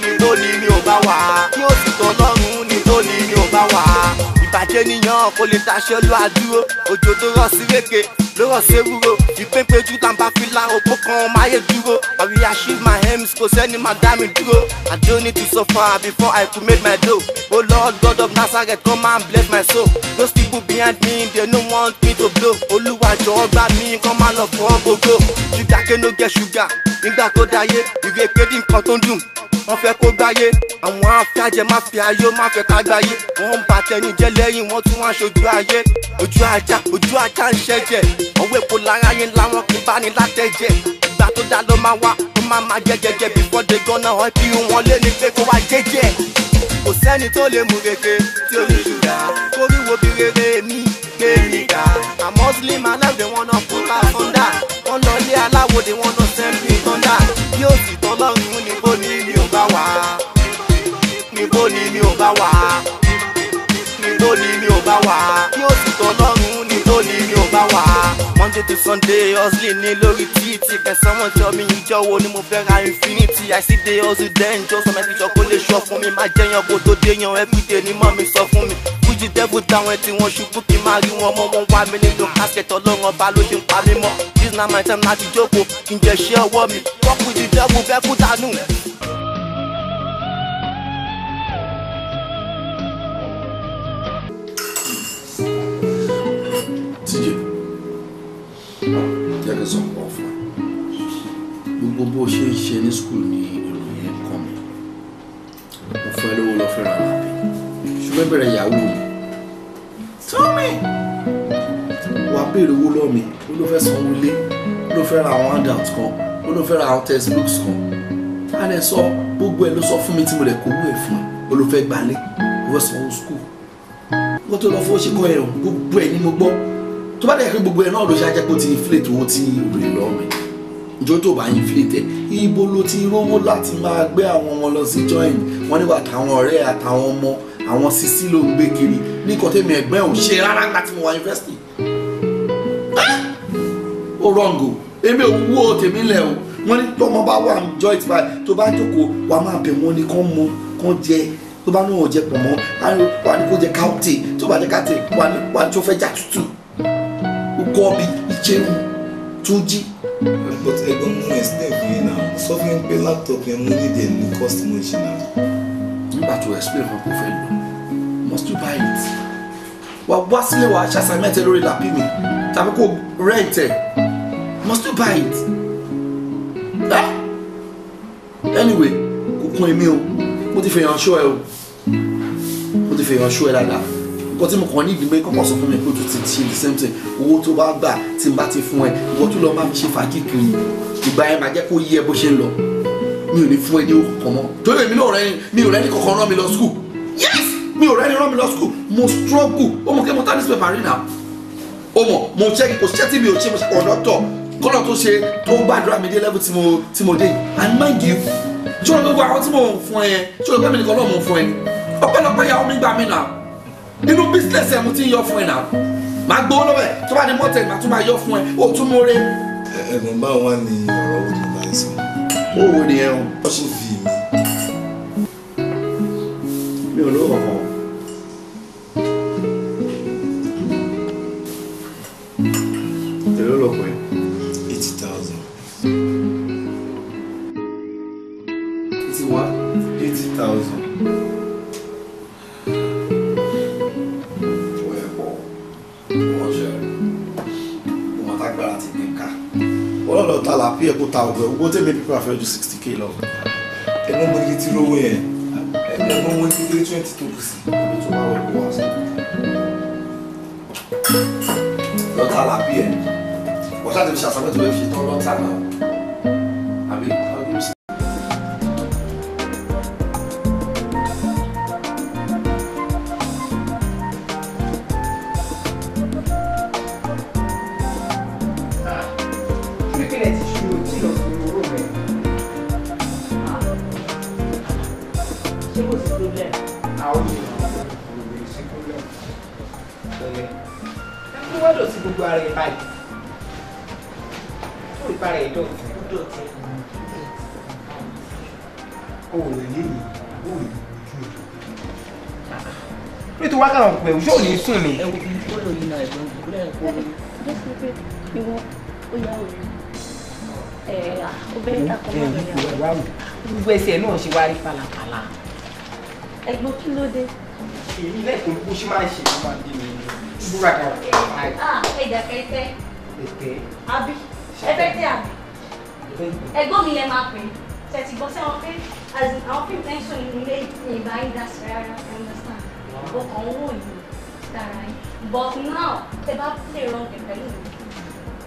A: nítorí mi ò bá wà á yóò sì tọ́ lọ́rùn nítorí mi ò bá wà á ìbàjẹ́ níyàn kò lè taṣẹ́ lọ àdúró òjò tó rọ̀ sí rékè ló rọ̀ sí ewúro ìpéńpéjú tàǹbà fìlà òpó kan máyé dúró I will achieve my aims kò sẹ́ni máa dá mi dúró I don't need to suffer before I could make my dough O oh Lord God of Nazareth come and bless my soul those people behind me they no want me to blow olú tọ́ gbá mi kán má lọ fọ́ gbogbo ṣúgà kéno gẹ ṣúgà nígbà tó dáyé ìwé kéde nǹkan tó ń dùn wọ́n fẹ́ kó gbáyé àwọn afẹ́ajẹ má fi ayé má fẹ́ ká gbáyé wọ́n ń ba tẹni jẹ́ lẹ́yìn wọ́n tún wá ṣojú ayé ojú ajá ojú ajá ń ṣẹ́jẹ̀ ọwọ́ èpo lára yín láwọn kì í bá ní látẹ̀jẹ̀ ìgbà tó dá ló máa wá ó máa máa jẹ́jẹ́jẹ́ before they gonna help you wọ́n lé ní pé kó wá jẹ́jẹ́ kò sẹ́ni tó lè mú reke tí ó ní ṣúgà kórìwò bí rere mi gbé mi ga àmọ́ slim they wanna put her thunder wọ́n lọ ilé aláwo they wanna send me thunder bí ó sì tán lọ́rùn níbo ni mi ò bá wà níbo ni mi ò bá wà. Monday to Sunday, hustling ní lórí títì. Can someone tell me ìjọ wo ni mo fẹ́ ra infinity? I see the hustle then, just some ẹ̀sìn ìjọkó lè sọ fún mi. Má jẹyàn kó tó déyàn, everyday ni mọ́ mi sọ fún mi. Fújì dẹ́bù táwọn tí wọ́n ṣubú kí máa rí wọn mọ́ wọn wá mi nínú basket ọlọ́run ọba ló ṣe ń pa mí mọ́. This na my time láti jókòó, kí n jẹ ṣé ọwọ́ mi. Wọ́pù ti dẹ́bù fẹ́ kú dànù. you? jẹ́ kí n sọ pọ̀ fún ẹ gbogbo bó ṣe ń ṣe ní skul ni ìròyìn ẹ̀ kàn mí mo fẹ́ lówó lọ fẹ́ràn àlàbẹ̀ ṣùgbọ́n bẹ̀rẹ̀ ìyàwó mi túmí wà á béèrè owó lọ́ọ̀ mi ó ló fẹ́ sanwó lé ó ló fẹ́ ra àwọn handout kan ó ló fẹ́ ra àwọn textbooks kan á lè sọ gbogbo ẹ̀ ló sọ fún mi tí mo lè kówó ẹ̀ fún ẹ ó ló fẹ́ gbalé ó fẹ́ sanwó skul wọ́n tó lọ fọ́ ṣe kọ́ ẹ̀rùn gbogbo ẹ̀ ni mo gbọ́ tó bá dẹ̀ pé gbogbo ẹ̀ náà ló ṣe ajẹ́ pé ó ti inflate owó tí rè lọ́mọ ìjọ tó bá inflate ẹ̀ ibo ló ti rówó láti máa gbé àwọn ọmọ lọ sí joint wọn nígbà táwọn ọ̀rẹ́ àtàwọn ọmọ àwọn sisi ló ń gbé kiri ní kọ́tẹ́mi ẹ̀gbẹ́ òun ṣe rárá nígbà tí mo wà university ó rọ̀ǹgò èmi ò wú o tèmi lẹ̀ o wọ́n ní tọ́mọ bá wà ń joint báyìí tó bá jókòó wà máa bẹ̀ wọ́n ní kán mọ kán jẹ tó bá náà jẹ pọ̀ mọ́ wà ní kó jẹ káùtì tó bá jẹ káùtì wà ní tó fẹ́ jà tútù. Gọbi Ichewu Túnjí. but ẹ̀gbọ́n mo mọ explain fún yín náà mo sọ fún yín pé laptop yẹn mo ní dé ní cost mo ṣe náà. nígbà tó explain fún ọkùnrin lò must you buy it wà wá sílé wà á ṣe assignment lórí làbí mi tàbí kò rent ẹ must you buy it anyway kò kún èmi o mo ti fi hàn ṣó ẹ o mo ti fi hàn ṣó ẹ dáadáa nǹkan tí mo kàn ní ìdílé kọ́kọ́ sọ fún mi pé o ti ṣe the same thing owó tó bá gbà tí n bá ti fún ẹ ìwọ tó lọ máa fi ṣe fàájì kiri ìgbà yẹn máa jẹ́ kó yẹ bó ṣe ń lọ mi ò ní fún ẹ ní owó kankan mọ́ torí èmi náà rẹ́ni mi ò rẹ́ni kankan rán mi lọ school yes mi ò rẹ́ni rán mi lọ school mo struggle ó mọ̀ kẹ́ mo tá newspaper rí náà ó mọ̀ mo ṣẹ́ kò ṣẹ́ tí mi ò ṣe mo ṣe ọ̀dọ́tọ̀ kọ́nà tó ṣe tó gbàdúrà mi dé level tí mo tí mo dé and mind you ṣọ́nà gbogbo àwọn tí mo fún ẹ ṣọ́nà gbẹ́mìnì kan náà mo fún ẹ ọpẹ́lọpẹ́ ìyàwó mi gbà mí náà nínú bísíǹsì ẹ̀ mo ti ń yọ fún ẹ náà màá gbowó lọ́wọ́ ẹ̀ tó bá ní mọ́tẹ̀ màá tún máa yọ fún ẹ ó tún mú rẹ. ẹ̀gbọ́n báwo wá ní ọ̀rọ̀ owó tó bá owó ni ẹ ń. fi mi. mi ò lówó kankan. ta ọgbẹ owó tẹmí pípẹ́ àfẹ́ ju sixty k lọ. ẹ lọ mọ iye tí lówó yẹn ẹ lọ mọ owó kékeré twenty tó kù sí. ọdún tó wà wọ ìwọ ọsẹ. lọ́tà làbí ẹ̀ wọ́n ṣàtẹ̀wé ṣàṣàmẹ́tò ẹ̀ fi tán lọ́tà náà. ara ẹ̀ báyìí ó rí para ẹ̀ dọ̀tí dọ̀tí ó rẹ̀ léyìn ó rí ojú ẹ̀ nítorí wákàtí àwọn pẹ̀lú yóò ní sùn mi. ẹ wo ibi tó lò yìí náà ẹ̀gbọ́n kò lẹ́yìn kó
B: lóyún. ìwọ ó yà wò ẹ ọ bẹ́ẹ̀ ta kọ́ mọ́ ọ gbogbo ẹsẹ̀ náà ṣe wá rí pàlàpàlà. ẹ̀gbọ́n kí ló dé.
A: èyí lẹ́kùn bó ṣe máa ń búrọ̀dà kau
B: ẹ̀dà kẹ́tẹ́. ètè. àbí ẹ̀fẹ́ tẹ́ àbí. ẹ̀gbọ́n mi lẹ máa pè é tẹ̀sí gbọ́ sẹ́wọ̀n pé àwọn pín tẹ́ńsọ̀n me ilé ìgbà yìí dá sí rárá understand ọkàn owó yìí dára yìí but now tẹ bá play wrong pẹ̀lú mi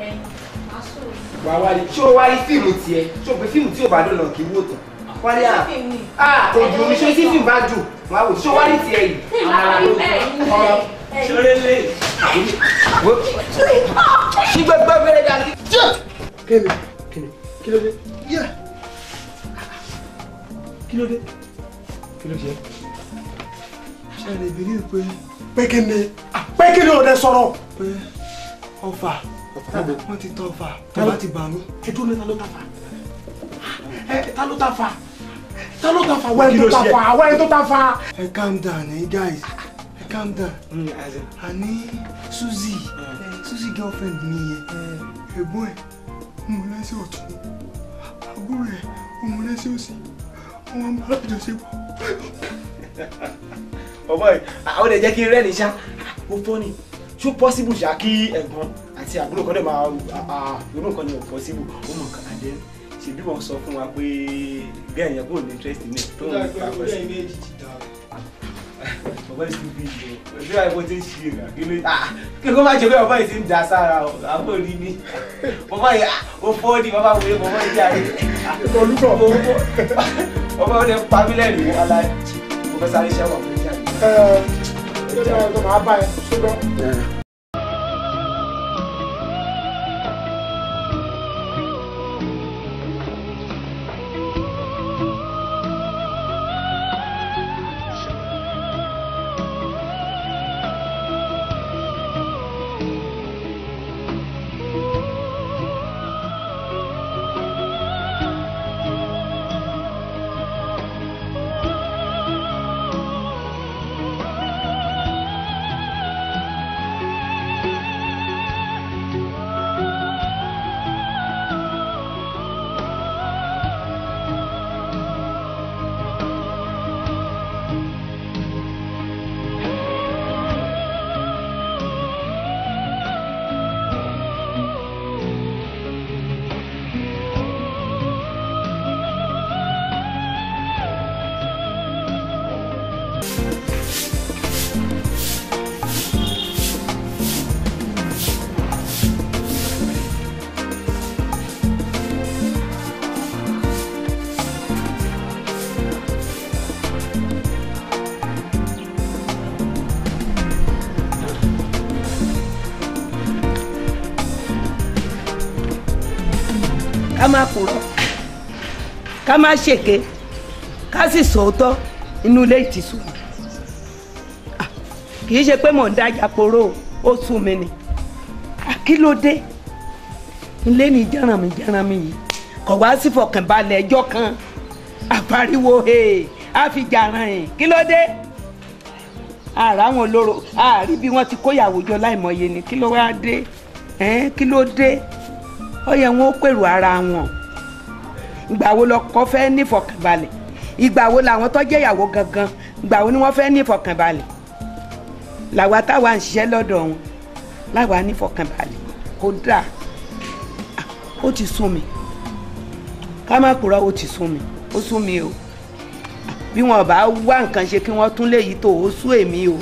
B: ẹ̀yìn máa sọ̀rọ̀.
A: wà á wá rí ṣé o wá rí fíìmù tiẹ̀ ṣé o pé fíìmù tí o bá dọ̀nà kì í wò tán wọ́n
D: ní à kò dùn mí ṣé tí fíìmù bá
A: dùn wọ́n wò ṣé o wá rí tiẹ̀ yìí. tí ìlànà yìí bẹ́ẹ̀ ni sọrẹlẹ wo ṣí gbẹgbẹ wẹrẹ dàbí. kẹ́mi kẹ́mi kí ló dé kí ló dé kí ló ṣe. ṣàlẹ̀ ìbílí pé pẹ́kẹ́ni ah, pẹ́kẹ́ni ò dẹ sọ̀rọ̀ pé ọfà wọ́n ti tọ́ ọfà tó bá ti bà mí ẹ dúró ní ta ló ta fà ah, ẹ ta ló ta fà ta ló ta fà wẹ́n tó ta fà wẹ́n tó ta fà. ẹ calm down eh guys calm down àní mm, Suzy eh. Suzy girlfriend mi yẹn eh. ẹ̀gbọ́n ẹ̀ mo lẹ́sẹ̀ ọ̀tún àbúrò
C: see mo lẹ́sẹ̀ òsì wọn bá see.
A: ọmọ ẹ àwọn ọdẹ jẹ́ kí n rẹ́ni ṣá ó fọ́ ni ṣó possible ṣá kí ẹ̀gbọ́n àti àbúrò kan dẹ̀ máa ronú you know, ò possible Oh my God, án dẹ́nu ṣèbí wọn sọ fún wa pé bẹ́ẹ̀ yẹn kò ní interest ní ẹ̀ tó ń pa pẹ̀sì bàbá yìí ti bí ìlú ojú àìbó ti ń ṣe ìgbà kí ló kí ló má jẹ pé bàbá yìí ti ń da sára o àbò rí mi bàbá yìí ó fọ́ ni bàbá wòye bàbá yìí yára olùkọ́ bàbá yìí pa mí lẹ́nu ala mo fẹ́ sáré ṣẹ́wọ̀n fún ìjà
C: yìí. ẹ ẹ ẹ tó máa bá ẹ ṣùgbọ́n.
A: má purọ́ ká má ṣèké ká sì sòótọ́ inú ilé ìtìsú kì í ṣe pé mò ń dájà poró ó sú mi ni àkílódé ilé ni jẹ́rànmí jẹ́rànmí yìí kò wá sí fọkànbalẹ̀ ẹjọ́ kan àfariwo àfijàràn ẹ̀ kílódé àrà àwọn olóró àrí bí wọ́n ti kóyàwó jọ láìmọye ni kí ló wá dé kí ló dé ó yẹ wọn ó pèrò ara wọn ìgbà wo lọkọ fẹ́ nífọ̀kànbalẹ̀ ìgbà wo làwọn tó jẹ́ ìyàwó gangan ìgbà wo ni wọ́n fẹ́ nífọ̀kànbalẹ̀ làwa táwa ń ṣiṣẹ́ lọ́dọ̀ wọn láwa nífọ̀kànbalẹ̀ kó dà ó ti sún mi ká má kúrò ó ti sún mi ó sún mi o bí wọn bá wá nǹkan ṣe kí wọ́n tún lè yí tó o sú èmi o.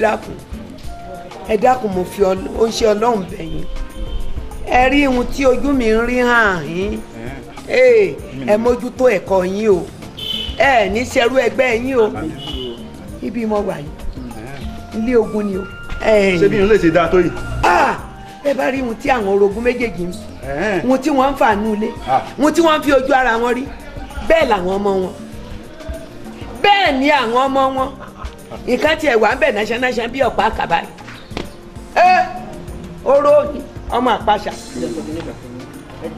A: dákun ẹ dákun mo fi oúnjẹ ọlọ́run bẹ̀yìn ẹ rí ihun tí ojú mi ń rí hàn yín ẹ mójútó ẹ̀kọ́ yín o ẹ ní ṣerú ẹgbẹ́ yín o ibi mo wà yìí ilé ogun ni o. ṣé bí irun lè ṣe dáa tó yìí. ẹ bá rí ihun tí àwọn orogún méjèèjì ń sùn ihun tí wọ́n ń fà nù ilé tí wọ́n ń fi ojú ara wọn rí bẹ́ẹ̀ làwọn ọmọ wọn bẹ́ẹ̀ ni àwọn ọmọ wọn ìkan tiẹ̀ wà ń bẹ̀ náṣẹ́náṣẹ́ bí ọ̀pá àkàbà yìí ẹ oró ọmọ àpàṣà. ẹ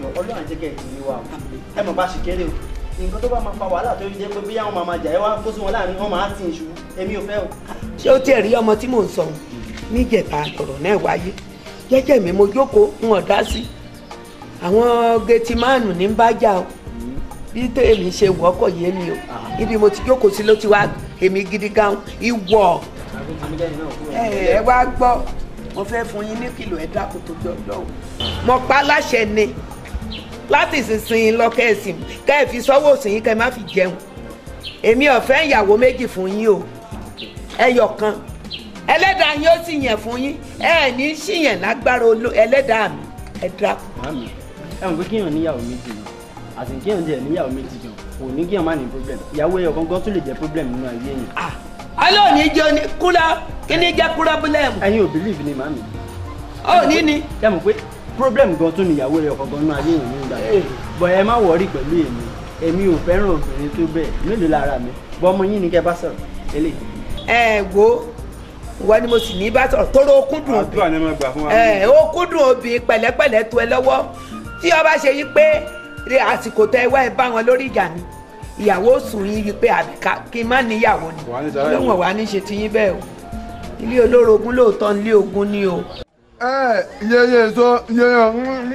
A: mọ̀ bá ṣì kéré o nǹkan tó bá máa fa wàhálà tó jẹ́ pé bí àwọn màmá jà ẹ wá kó sí wọn láàrin wọn máa ti ìṣù èmi ò fẹ́ o. ṣé o tiẹ̀ rí ọmọ tí mò ń sọ níjẹ̀ta ọ̀rọ̀ náà wáyé jẹ́jẹ́ mi mo jókòó ń ọ̀dá sí àwọn gẹ̀tìmánù ní bá jà o bí tèmi ṣe wọ́kọ̀ yé mi o ah. ibi mo ti jókòó sí ló ti wá èmi gidi gan ìwọ ẹ wá gbọ́ mo fẹ́ fún yín ní kìlọ̀ ẹ dákun tó jọ lọ́wọ́ mo pa láṣẹ ni láti ìsinsìnyí lọ kẹ́sìn kẹ́ẹ̀fì sọ́wọ́ òsìn yín kẹ́ẹ̀ má fi jẹun èmi ọ̀fẹ́ ìyàwó méjì fún yín o ẹyọ kan ẹlẹ́dàá yín ó sì yàn fún yín ẹ ní ṣìyàn lágbára ẹlẹ́dàá mi ẹ dákun. ẹ mọ̀ pé kíyàn níyàwó méjì ni àti kíyàn jẹ́ níyàwó méjì kò ní kí èèyàn ní problem ìyàwó ẹyọ kankan tún lè jẹ problem nínú ayé èèyàn. alọ́ ah, ní jẹ́ ní kúlá kí ni jẹ́ kúlá ò believe ni màmí. ó oh, ní ni. ẹ mọ̀ pé problem gan tún ni ìyàwó ẹyọ kankan nínú ayé èèyàn nígbà yẹn eh. bọ̀ ẹ má wọrí pẹ̀lú èmi èmi ò fẹ́ràn obìnrin tó bẹ́ẹ̀ mélòó lára mi bọ́ ọmọ yín ni kẹ́ bá sọ̀rọ̀ eléyìí. ẹ wo ìwọ ni mo sì ní bá sọ̀rọ̀ tóró okúndùn obì okúndùn obì pẹ̀lẹ́pẹ̀lẹ́ tó ẹ lọ́wọ́ tí ọba ṣe yí pé àsìkò tẹ wá ẹ bá wọn lórí ìjà ni ìyàwó sùn yín wípé àbíká kí n má níyàwó ni lóhùn wà ní ṣe ti yín bẹ́ẹ̀ o ilé olórogún lóòótọ́ ilé ogun ni o. ẹ yeye so yeye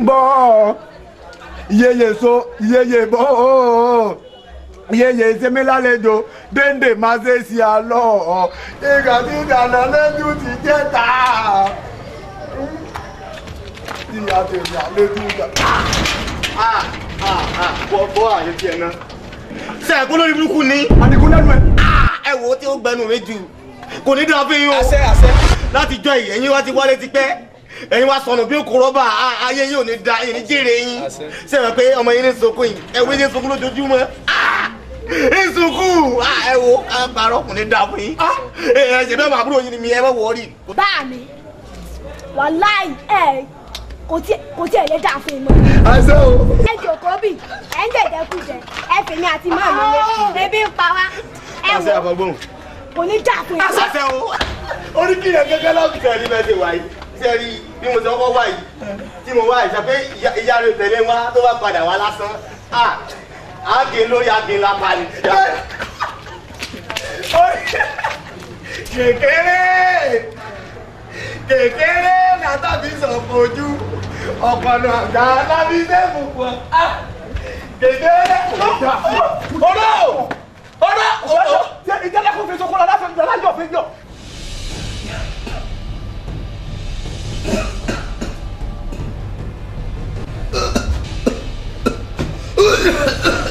A: bọ́ yeye so yeye bọ́ yeye sẹ́mi lálejò dénde máa ṣe sí àlọ́ ọ̀ ìgbà tí ìdáná lẹ́jú ti jẹ́ ta ìyá tèmi àlejò ìgbà bọ́ àyè tiẹ̀ náà. ṣe ẹ̀kọ́ lórí burúkú ni. àdìgún lẹ́nu ẹ̀. ẹ wo tí ó gbẹnu mi jù kò ní dáa fún yín o. àṣẹ àṣẹ. láti jọ yìí ẹ̀yin wá ti wálé ti pẹ́ ẹ̀yin wá sọnù bí òkú rọ́bà ayé yìí ò ní da ẹ̀yin ní jèrè yín. ṣe é pé ọmọ yín ní sunkún yìí ẹ̀wé ní sunkún lójoojúmọ́ ìsùnkú ẹ wo àgbàrọ ọkùnrin dà fún yín ẹ ṣe bẹ́ẹ̀ máa búrò yín ni mi ẹ bá wọrí.
B: báà mi wàláì ẹ kò tí ẹ lè dáa fún mi. àṣẹ o. ẹ bì ẹ ń dẹ̀dẹ̀ kú jẹ ẹ fi ní àti máa mi lé ebi ń pa wá.
A: àṣẹ àbọ̀gbọ̀n. kò ní dáa fún mi. àṣẹ o orí kí yẹn gẹ́gẹ́ lọ́ọ̀kì tẹ̀lé bẹ́ẹ̀ ṣe wáyé ṣe rí bí mo ti ọkọ̀ wáyé tí mo wáyé ṣe pé ìyá rẹ tẹ̀lé wá tó bá padà wá lásán àgé lórí àgé lápá ni. kékeré kékeré látàbí sọ̀pọ̀ ojú ọ̀pọ̀nà àgbà lábí sẹ́fù pọ̀ kékeré. ọ̀rọ̀ ọ̀rọ̀ ọ̀rọ̀ ìjẹ́lẹ̀ kò fi sọ́kọ́ lọ́dá fẹ́mi lọ́dá jọ fi jọ. Ugh.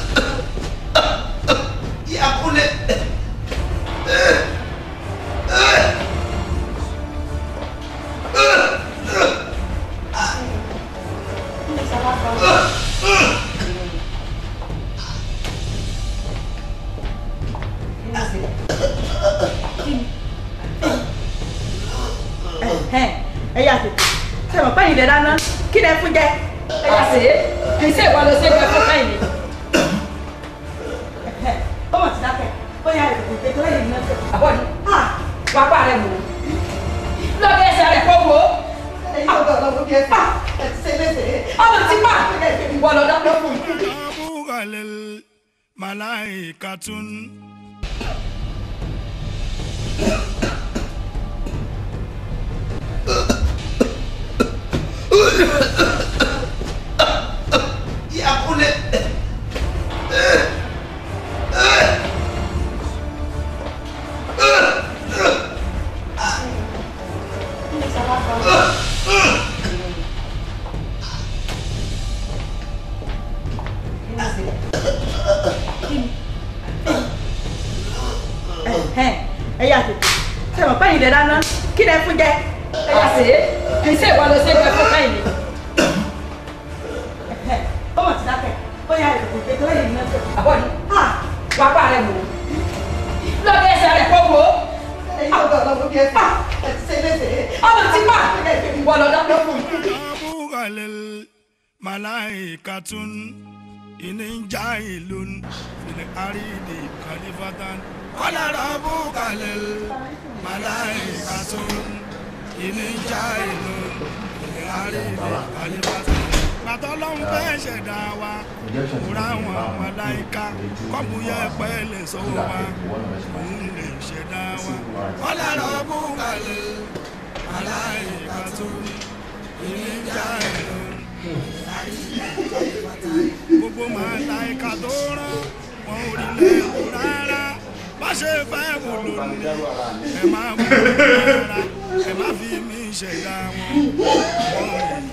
B: fún jẹ ẹ̀yà sí kì í ṣe ìwà lọ sí ẹgbẹ́ fún báyìí ni.
A: Ugh. bàtà ọlọ́run fẹ́ ṣẹ̀dá wa múra wọn màláìka kọ́pù yẹ pẹ́ lè sọ wa òun lè
D: ṣẹ̀dá wa. ọ̀làrọ̀ bù kàlẹ̀ màláìka tó ìníjà
C: ẹ̀rọ gbogbo rán
A: wọn ò rí lẹ́kùn rárá bá ṣe fẹ́ wò lónìí ẹ má mú
D: rárá ẹ má fi mí ṣẹ̀dá wọn.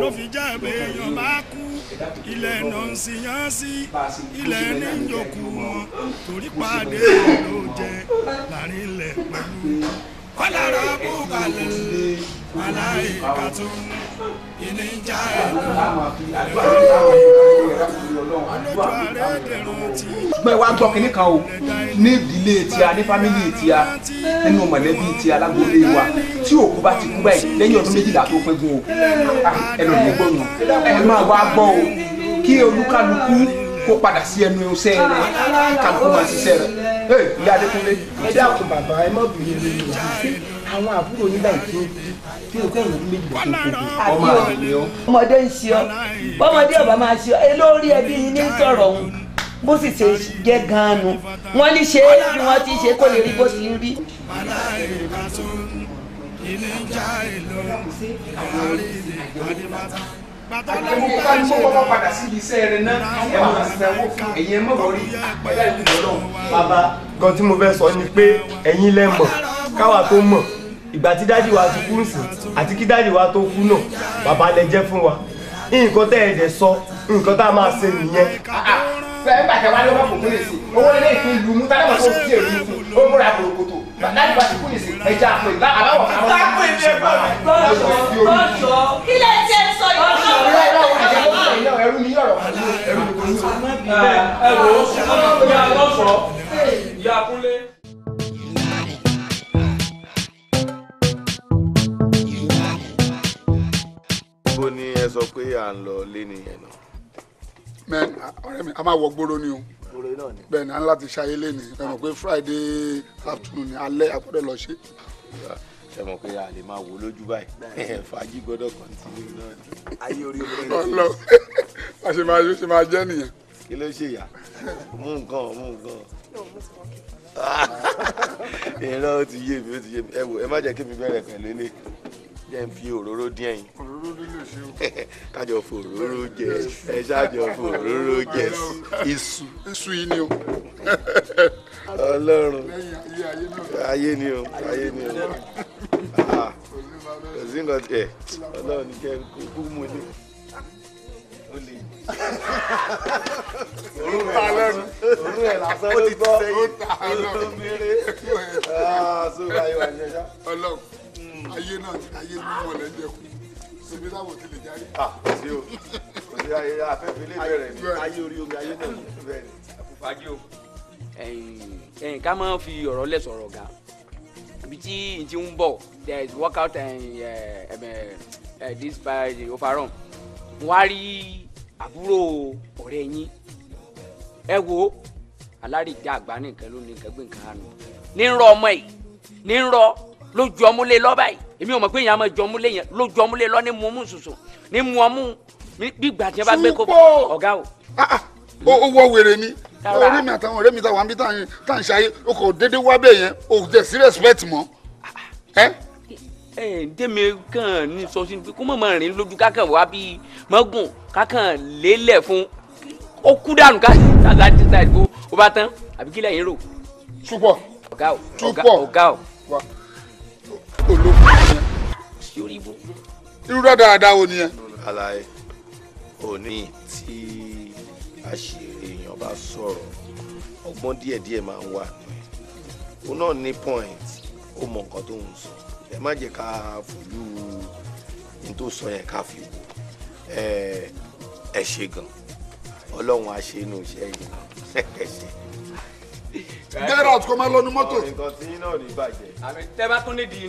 A: ló fi já pé èèyàn máa kú ilẹ̀ náà ń sìyàn sí ilẹ̀ ní yòókù wọn torí
D: pàdé ló
A: jẹ láàrin ilẹ̀ pẹ̀lú
D: kọ́lára bùkálẹ̀ màláìkàtú ìníjà ẹ̀dùn ọlọ́jọ́ àrẹ́dẹ̀rùn ti. pẹ́ wá gbọ́ kínní
A: kan o ní ìdílé tíya ní fámìlì tíya nínú mọ̀lẹ́bí tíya lágboolé wa tí òkú bá ti kú báyìí lẹ́yìn ọdún méjìlá tó pẹ́gun o ah, ẹlòmíì gbọ́nù ẹ máa wá gbọ́ o kí olúkálukú kó padà sí ẹnu iṣẹ́ rẹ kálukú máa ṣiṣẹ́ rẹ ilé adékúnlé. ẹ dákun bàbá ẹ má bìí ẹ lè lò àwọn àbúrò nígbà ìtú bí o kẹ́yìn ní méjì lọ́sọ̀tò ọmọ ọmọdé ń ṣe ọ bọ́mọdé ọba máa ṣe ọ elórí ẹbí yín ní sọ̀rọ̀ òun bó sì ṣe jẹ́ gan-an nu wọ́n ní ṣe é bí wọ́n ti ṣe kó lè rí bó ti ń rí àtẹ̀wò ká ní kọ́kọ́ padà síbi iṣẹ́ rẹ̀ náà ẹ̀ máa sanwó ẹ̀yin ẹ̀ mọ̀ wọ́rí bàbá ìlú lọ́dọ̀ bàbá. gan tí mo fẹ́ sọ ni pé ẹ̀yin lẹ́ mọ̀ káwa tó mọ̀ ìgbà tí dájì wa ti kú nsìn àti kí dájì wa tó kú náà bàbá lẹ jẹ́ fún wa nǹkan tẹ́ ẹ dẹ̀ sọ nǹkan tá a máa ṣe nìyẹn. fẹ́ẹ́ bàtẹ́ wa ló bá kò kúlè sí owó ilé ìpín ìlú mú tálẹ́ wọn tó fi èrú ikú ó múra kòròkòtò dájì wa ti kú nìsí ẹja àpò ìlà aláwọ̀ kan. sáàpù ìdè bọ́ọ̀ṣọ́ bọ́ọ̀ṣọ́ kí lẹ ti ẹ sọ ìwọ́n náà. ẹrú mi yọ̀rọ̀ tá à ń lọ lé nìyẹn náà.
C: mẹ́n ọ̀rẹ́ mi a máa wọ gbóró ni o bẹ́ẹ̀ a ń láti ṣayé lé ẹ mọ̀ pé friday afternoon ni alẹ́ a gbọ́dọ̀ lọ ṣe.
A: ẹ mọ̀ pé a lè máa wò lójú báyìí fàájì gbọ́dọ̀
C: continue náà ni. ayé orí omi rẹ̀ lọ a ṣe máa ṣe máa jẹ́ nìyẹn. kí ló
A: ṣe yà mú nǹkan mú nǹkan. ìran ó ti yé mi ó ti yé mi ẹ wò ẹ má jẹ́ kí mi bẹ̀rẹ̀ pẹ̀lú ilé jẹ́ ń fi òróró dín ẹ̀yìn. òróró lílò ṣe o. kájọ fún òróró jẹ ẹ ṣáàjọ fún òróró jẹ
C: iṣu. iṣu yìí ni o. ọlọ́run ayé ni o ayé ni o
D: ah, kò sí nǹkan tiẹ̀ ọlọ́run ní kẹ́
C: kú mú ní. Orun ẹ̀ lásán orun ẹ̀ lásán ló gbọ́ ó ta ah, ọlọ́run. Ọlọ́run ayé náà ti ayé mú wọn lẹ́ jẹ kú ṣèbí táwọn ti lè jáde. Ah, kò sí o kò sí ayé afẹ́fẹ́ lè bẹ̀rẹ̀ ni ayé orí omi ayé náà
A: bẹ̀rẹ̀ ni àfùfàjì o. ẹ̀yin ká máa fi ọ̀rọ̀ lẹ̀ sọ̀rọ̀ ga ibi tí n ti ń bọ̀ there is workout and uh, uh, this by the overall wá rí àbúrò ọ̀rẹ́ yín ẹ wo alárìíjà àgbà nìkan ló ní nǹkan gbé nǹkan àná ní rọ ọmọ yìí ní rọ ló ju ọmú lé lọ báyìí èmi ò mọ̀ pé èèyàn á máa ju ọmú lé yẹn ló ju ọmú lé lọ ní mu ọmú sòsò ní mu ọmú gbígbà tí wọ́n bá gbé kó ọ̀gá o. ó
C: wọ wèrè ni orí mi àtàwọn ọ̀rẹ́ mi ta wà ń bí tá à ń ṣayé o kò déédé wá bẹ́ẹ̀ yẹn o kò tẹ̀ sí
A: respect mọ́. ẹ ẹ dèmi kàn ní sọ sí kó mọ̀ mọ̀ rìn lójú kákàn wá bíi mọ́gùn kákàn lélẹ̀ fún ó kú dànù ká ṣáà ṣáà ṣáà ṣáà ó bá tán àbí yín rò. túpọ̀ túpọ̀ ọ̀gá o olókùn nìyẹn. irú dáadáa wo nìyẹn. alaye òní tí àṣírí èèyàn bá sọ̀rọ̀ ọgbọ́n díẹ̀díẹ̀ máa ń wà òun náà ní point ó mọ nǹkan tó ń sọ ẹ má jẹ́ ká fojú ní tó sọ yẹn ká fi wò ẹ ṣe gan ọlọ́run á inú iṣẹ́ yìí ẹ ṣe get out kó máa lọ ní mọ́tò. nǹkan tí iná ò ní bàjẹ́. àmì tẹ́ bá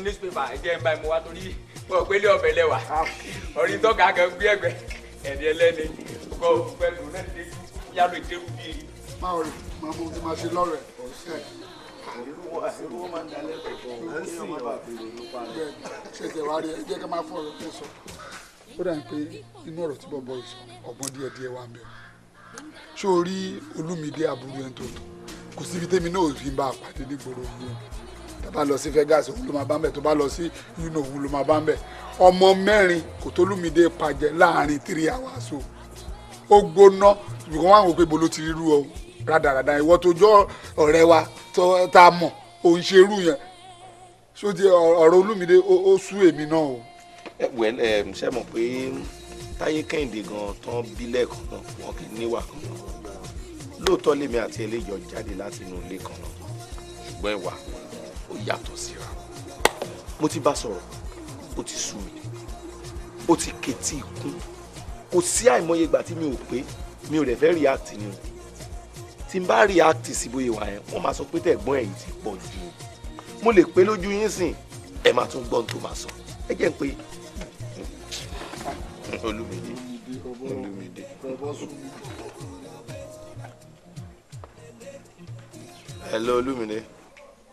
A: newspaper ẹ jẹ́ n bá ìmọ̀ wá torí pọ̀ pélé ọbẹ̀ lẹ́wà
E: orí tọ́ka kan gbé ẹgbẹ́ ẹ̀dí ẹlẹ́ni kọ́ pẹ̀lú náà ti yálò ìdérú bíi. máa rí màá mú kí máa ṣe lọ́rẹ̀ ọ̀sẹ̀. irú wọn
C: ó dà ní pé inú ọ̀rọ̀ tí bọ́bọ́ sọ ọgbọ́n díẹ̀díẹ̀ wà ń bẹ̀. ṣó o rí Olúmídé àbúrò ẹ̀ tó tó kò síbi tẹ́mi náà fi bá a pàdé nígboro yìí tá bá lọ sí Vegas òun ló máa bá ń bẹ̀ tó bá lọ sí yúnà òun ló máa bá ń bẹ̀ ọmọ mẹ́rin kò tó lùmídé pàjẹ́ láàrin three hours o ó gbóná ṣùgbọ́n wọn àwọn òpè bolo ti rírú ọ rádaràda ìwọ tó jọ ọ̀rẹ́ wa tá a mọ̀ òun ṣe irú yẹn ṣó ti ọ̀rọ̀ olùmídé ó sú èmi náà o.
A: ẹ wẹ ẹ ṣe mọ̀ pé táyé kẹ́hìndé gan-an tán bí lẹ́ẹ̀kan náà wọn kì í níwà kan lóòótọ́ lèmi àti eléyọ̀ jáde láti inú ilé kan náà ṣùgbọ́n ẹ̀wà ó yàtọ̀ síra mo ti bá sọ̀rọ̀ ó ti sú mi ó ti kẹtí ikún kò sí àìmọye ìgbà tí mi ò pé mi ò rẹ̀ fẹ́ react ni o tí n bá react sí bóyá wà yẹn wọ́n máa sọ pé tẹ̀gbọ́n ẹ̀yìn ti pọ̀ jù mo lè pé lójú yín sìn ẹ máa tún gbọ́n tó máa sọ ẹ jẹ́ pé olùmìdí olùmìdí. hello Lumine.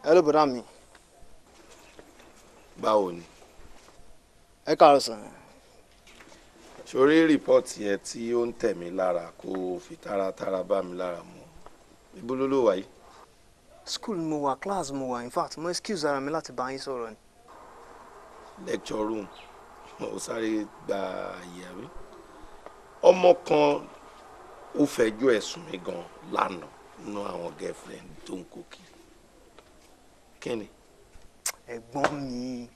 A: hello bọ̀dá mi. báwo ni. ẹ káàárọ̀ sàn. sórí rìpọ́ọ̀tì yẹn tí ó ń tẹ̀ mí lára kó o fi taratara bá mi lára mu ibú ló ló wà yìí. school mo wà class mo wà in fact mo excuse ara mi láti bá yín sọ̀rọ̀ ni. lecture room ó sáré gba àyè àbí ọmọ kan ó fẹjọ́ ẹ̀sùn mi gan lánàá nínú àwọn girlfriend tó ń kó kiri kíni. ẹ̀gbọ́n mi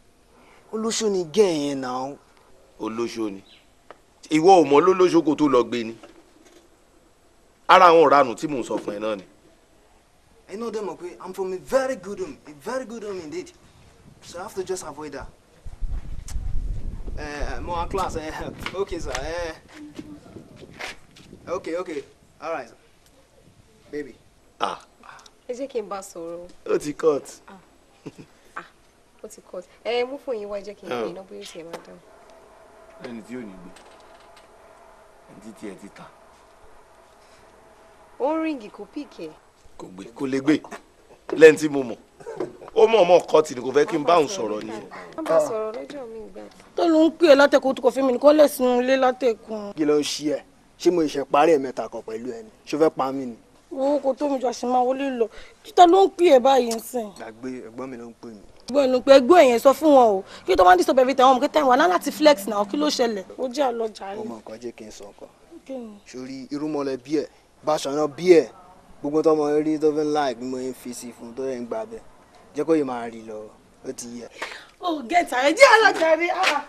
A: olóṣó ni gẹ́ẹ̀ yẹn náà. olóṣó ni ìwọ ò mọ lólóṣó kó tó lọ gbé ni ara àwọn ọ̀ranù tí mò ń sọ fún ẹ náà ni. I know them okay I'm from a very good home a very good home indeed so I have to just avoid that. Uh, eh, more class uh, okay sir uh, okay okay all right baby. ah
B: ẹ jẹ́ kí n bá sọ̀rọ̀.
A: ó ti cut. Ah.
B: Ah, ó ti cut ẹ mú fún yín wá jẹ́ kí n gbé oh. iná bóyá ó ti ẹ̀ máa dáhùn.
C: ẹni
A: tí ò ní gbé ẹni tí tiẹ̀ ti ta.
B: ó ń ríngì kó píìkì ẹ̀.
A: kò gbé kó lè gbé lẹ́yìn tí mo mọ̀ ó mọ̀ ọmọ kọ́ọ̀tì ni kò fẹ́ kí n bá òun sọ̀rọ̀ ni. wọ́n
B: bá
D: sọ̀rọ̀ lọ́jọ́ mi ìgbà.
B: tó ló ń pè é látẹ̀kùn tó kọ fún mi
A: ni kò lè sinú ilé látẹ̀kùn. kí ló ń ṣí ẹ ṣé mo ṣe parí ẹ̀mẹ́ta kan pẹ̀lú ẹni ṣó fẹ́ pa mí ni
B: wo kò tó mi jọ sì máa wọlé lọ títà ló ń pè ẹ báyìí ń sìn. gbàgbé
A: ẹ̀gbọ́n mi ló ń pè mí.
B: ẹ̀gbọ́n ló ń pè ẹ̀gbọ́n èèyàn sọ fún wọn o kí ló tó máa ń disturb everything àwọn ọmọ kẹta ìwà náà láti flex náà kí ló ṣẹlẹ̀ ó jẹ́ àlọ́jà rẹ̀. ó mọ
A: nǹkan jẹ́ kí n sọ
B: nǹkan
A: sórí irúmọlẹ̀ bí ẹ báṣọ̀nà bí ẹ gbogbo tọmọ rí tó fi ń láì bí mo ń fi sí fún tó yẹn gbà bẹ jẹ́ kó yìí máa rí lọ ó ti yẹ.
B: ó gẹ̀ẹ́tà ẹ jẹ́ àlọ́jà rẹ̀ ah,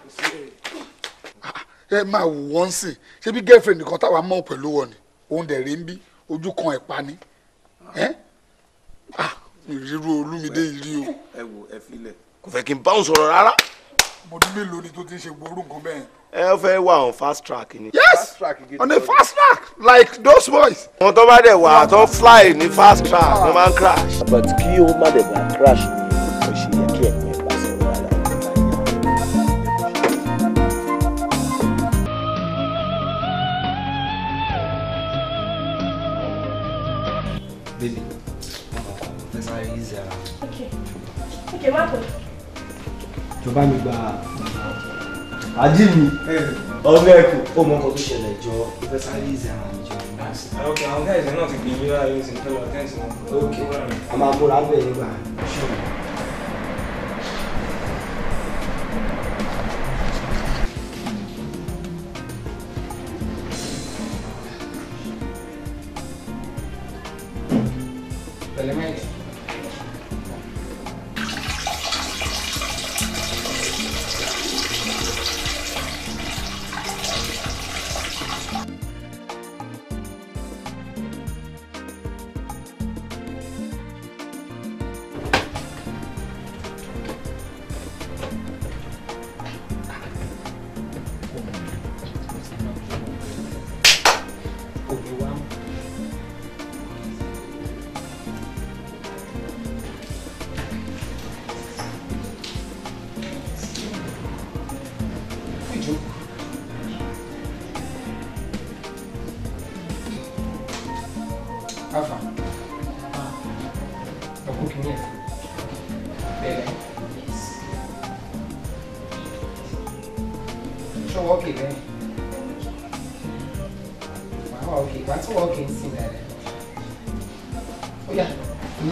C: ah. ẹ máa wò wọ́n sìn ṣé bí girlfriend nìkan táwa mọ̀ pẹ̀lú wọn ni òun dẹ̀ rí ń bí ojú kan ẹ̀ pa ni ẹ́ olúmídé yìí rí o.
A: kò fẹ́ kí n bá òun sọ̀rọ̀ rárá.
C: mọ̀dún mélòó ni tó ti ń ṣe gbòòrò nǹkan bẹ́ẹ̀.
A: ẹ fẹ́ wà on fast track ni. yes
C: on a fast track
A: like those boys. wọn tó bá dẹ̀ wà tó fly ní fast track wọn máa ń crash. but kí ó má dẹ̀ bá crash ni jọ bá mi gba àjí mi ọmọ ẹkùn ó mọ nǹkan tó ṣẹlẹ̀ jọ ìfẹ́ sáré ìzẹ̀ ara mi jọ. ok àwọn gáàsì náà ti gbìyànjú láàyè ó sì ń fẹ́ lọ tẹ́ǹsì wọn. ok a máa múra bẹ́ẹ̀ nígbà.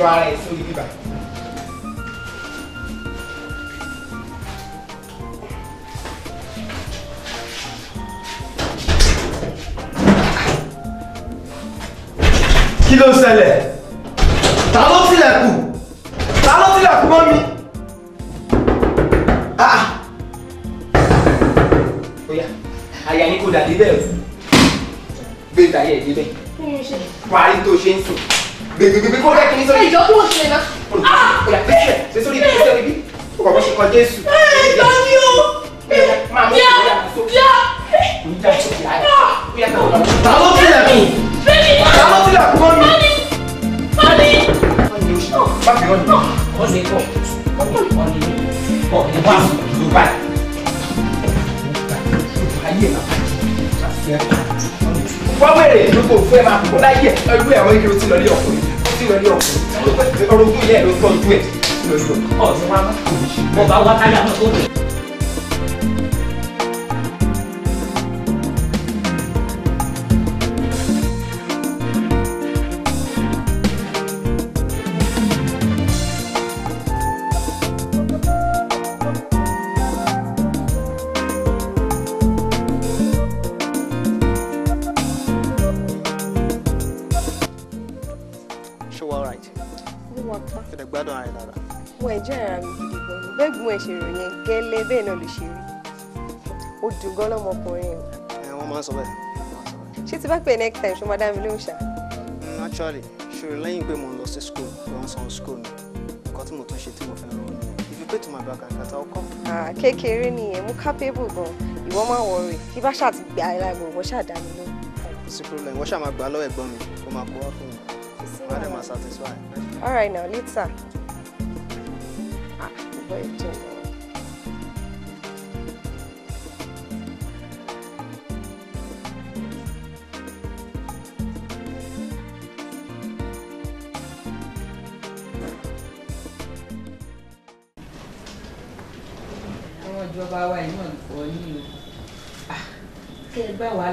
A: Friday
B: ṣé ti bá pè next time ṣó máa dá mi lóhùn ṣá.
A: naturally ṣòro lẹ́yìn pé mo ń lọ sí school ló ń san school mi nǹkan tí mo tún ṣe tí mo fẹ́ rọ ni if you pay to my back àkàtà ọkọ.
B: kékeré nìyẹn mú capable gan ìwọ máa worry tí bá ṣáà ti gbà ẹ láàbò wọ́n ṣáà dá mi lóhùn.
A: kò sí problem wọ́n ṣáà máa gbà á lọ́wọ́ ẹ̀gbọ́n mi ó máa kó wá
D: fún mi wọ́n á dẹ̀ máa satisfy.
B: all right now later.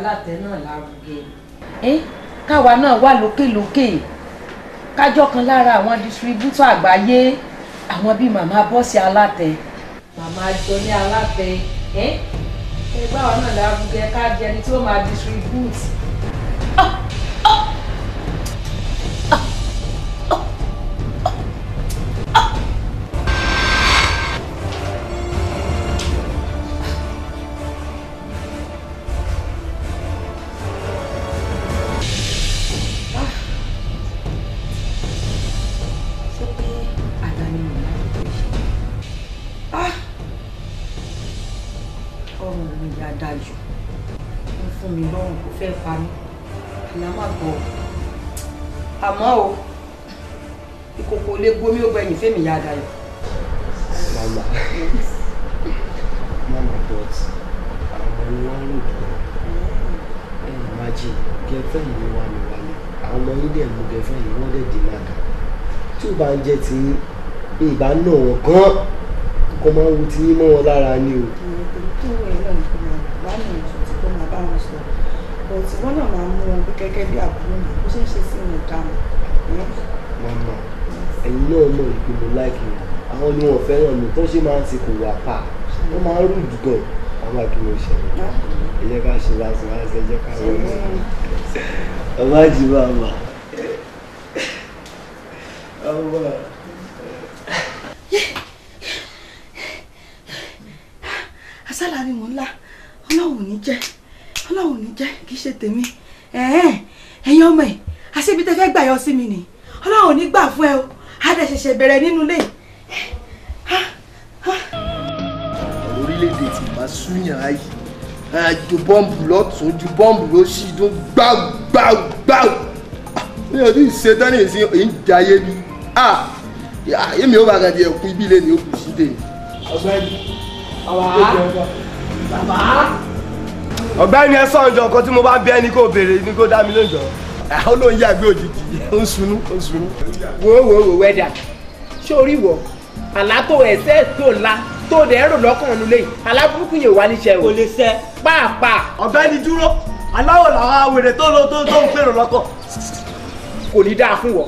B: alátẹ náà lárugẹ. ẹ káwa náà wà lókèlókè kájọ kan lára àwọn distributor àgbáyé àwọn bíi màmá bọ́ọ̀sì alátẹ màmá jọlé alátẹ ẹ ẹ gbáwa náà lárugẹ ká jẹ ẹni tí ó máa distribute fẹ́mi yá dayọ̀.
A: mama mama but àwọn ọmọ wa ń lò ẹ ìmájì gẹfẹ́yìn ni wà ní wálé àwọn ọmọ yín dẹ̀ mú gẹfẹ́yìn wọ́n dẹ̀ dì náà kà tí ò bá ń jẹ́ ti ìbá náà wọ̀ gan kó máa ń wo ti yín mọ́ wọn lára ni o.
D: tó wẹ̀ náà ni kò máa bá mi
B: tuntun kó máa bá wọn sọ ọ̀tí wọn náà máa mú wọn gẹ́gẹ́ bí
A: mama ẹ̀yin náà mọ̀ ìpè mo láìkì wọn àwọn ni wọn fẹ́ràn mi tó ṣe máa ń ti kò wà pa wọ́n máa ń rúdù gan àwọn àkìlò ìṣẹ̀lẹ̀ ẹ jẹ́ ká ṣe láti láti ẹ jẹ́ ká wọlé ọba jù bá wà ọba.
B: àsálà ni mò ń lá ọlọ́run ò ní jẹ́ ọlọ́run ò ní jẹ́ kì í ṣe tèmi ẹ̀yin ọmọ ẹ̀ àṣebi tẹ fẹ́ gbà yọ sí mi nì ọlọ́run ò ní gbà fún ẹ o adẹ ṣẹ̀ṣẹ̀ bẹ̀rẹ̀ nínú ilé orílẹ̀-èdè tí bá súyàn ayé
A: àjò bọ́ǹbù lọ́tún ju bọ́ǹbù lóṣì tó gbáù gbáù gbáù ní
C: ọdún ìṣẹ́tánì ìsìn èyí ń jayé ni èmi ò bá gàdí ẹ̀kú ibi ilé ni ó
A: kù sí tèmi.
D: ọ̀gbẹ́ni bàbá
A: ọ̀gbẹ́ni ẹ sọ ọjọ́ kan tí mo bá bí ẹni kò béèrè ni kò dá mi lóúnjọ́ àwọn ló ń yàgbé òjijì ó ń sunú ó ń sunú. wo wo wo wẹ́dà sórí wọ àlá tó ẹsẹ̀ tó la tó dẹ̀ rò lọ́kàn nulẹ̀ yìí aláburúkú yẹn wà níṣẹ́ o. kò lè ṣẹ. pàápàá. ọ̀gbẹ́ni dúró aláwọ̀ làwọn awèrè tó lọ tó tó ń pèrò lọ́kàn. kò ní dáa fún wọ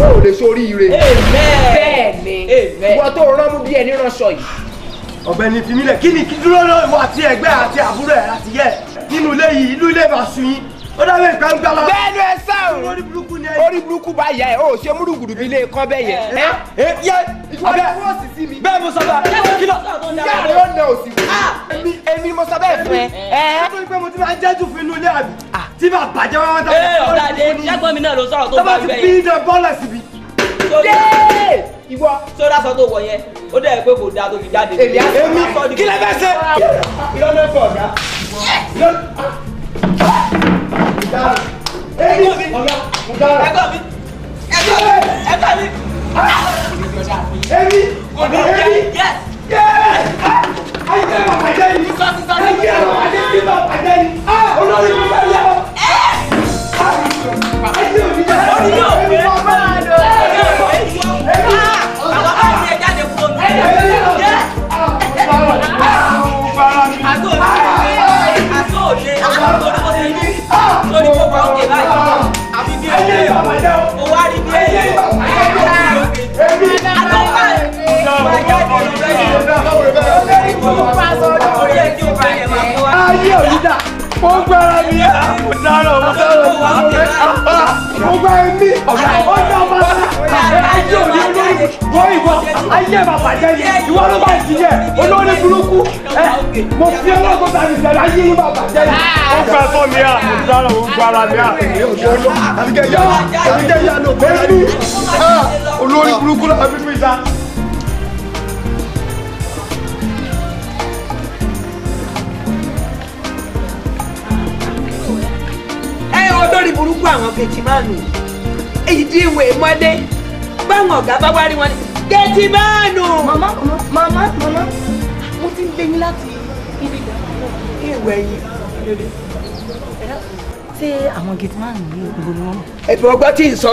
A: o ò lè sórí ire. bẹ́ẹ̀ ni ìwọ tó rán mú bí ẹni ránṣọ yìí. ọ̀gbẹ́ni fìmílẹ̀ kí ni kí dúró náà ìwọ àti ẹgbẹ́ àti àbúrò ẹ̀ láti yẹ nínú ilé yìí ìlú ilé ìbásùn yìí ó dábẹ́ ìgbàgbà la. bẹ́ẹ̀ni ẹ sàn orí burúkú ni ẹ. orí burúkú bá yà ẹ o ṣe múrùgùdù bí ilé kan bẹ́ẹ̀ yẹ. ẹ ẹ yẹ abẹ bẹ́ẹ̀ mo sọba kí lọ yàrá yóò nà òsì. Ah, èmi mo sọ bẹ́ẹ̀ fún ẹ. ẹ sọ pé mo ti máa jẹ́jú fún inú ilé àbí ah. tí bá bàjẹ́ wá wọ́n tán. ee ọ̀dàdé yàgbọ́n mi náà ló sọ̀rọ̀ tó bá bẹ́ẹ̀. tọ́ba ti bí iná bọ́ọ̀lù síbi. ìwọ. sódà sọ tó wọ yẹn ó dẹ̀ pé kò dáa tó jáde. èmi kí lè fẹ́ ṣe. ìlọ́lẹ́fọ̀ ọ̀gá ọ̀daràn èyí ọ̀yá ọ̀daràn ẹ̀gbọ́n mi ẹ̀gbọ́n mi ẹ̀gbọ́n mi èmi
F: èmi yẹ ayé ma bàjẹ́ yìí ayé ma bàjẹ́ yìí ma bàjẹ́ yìí olórí mi bá yà ọ ayé òní yà
D: ọ. owó pa òkè báyìí àbí bí ẹyẹ owó àrí bí ẹyẹ àtọ́gbà
F: ìgbàjá mo gbára ní ọ̀daràn ọ̀daràn ọ̀rẹ́ mo gbá ẹ̀mí ọ̀dà ọ̀dà ọ̀dà ayé òní olórí wọ́n ìwọ ayé bàbá jẹ́ ni ìwọ ló bá ti yẹ olórí burúkú ẹ mo fi ọlọ́gbọ́n ta ní sẹ́yìn ayé yín bàbá jẹ́ ni. ó gbà tó mi à ọ̀daràn ó gbára mi à. àbíkẹ́ yá àbíkẹ́
A: yá ló bẹ́ẹ̀ ni olórí burúkú làbí mi ta. burúkú àwọn gẹ̀tìmáànù èyí tí ìwé mọ́dé báwọn ọ̀gá bá wá rí wọn ni gẹ̀tìmáànù. màmá màmá màmá
F: mo ti ń gbé yín láti ibi ìdáná
A: ìwẹ̀ yìí
B: ṣé àwọn gẹ̀tìmáànù yìí gbogbo ni
A: ẹ̀bùn ọgbọ́n tí ń sọ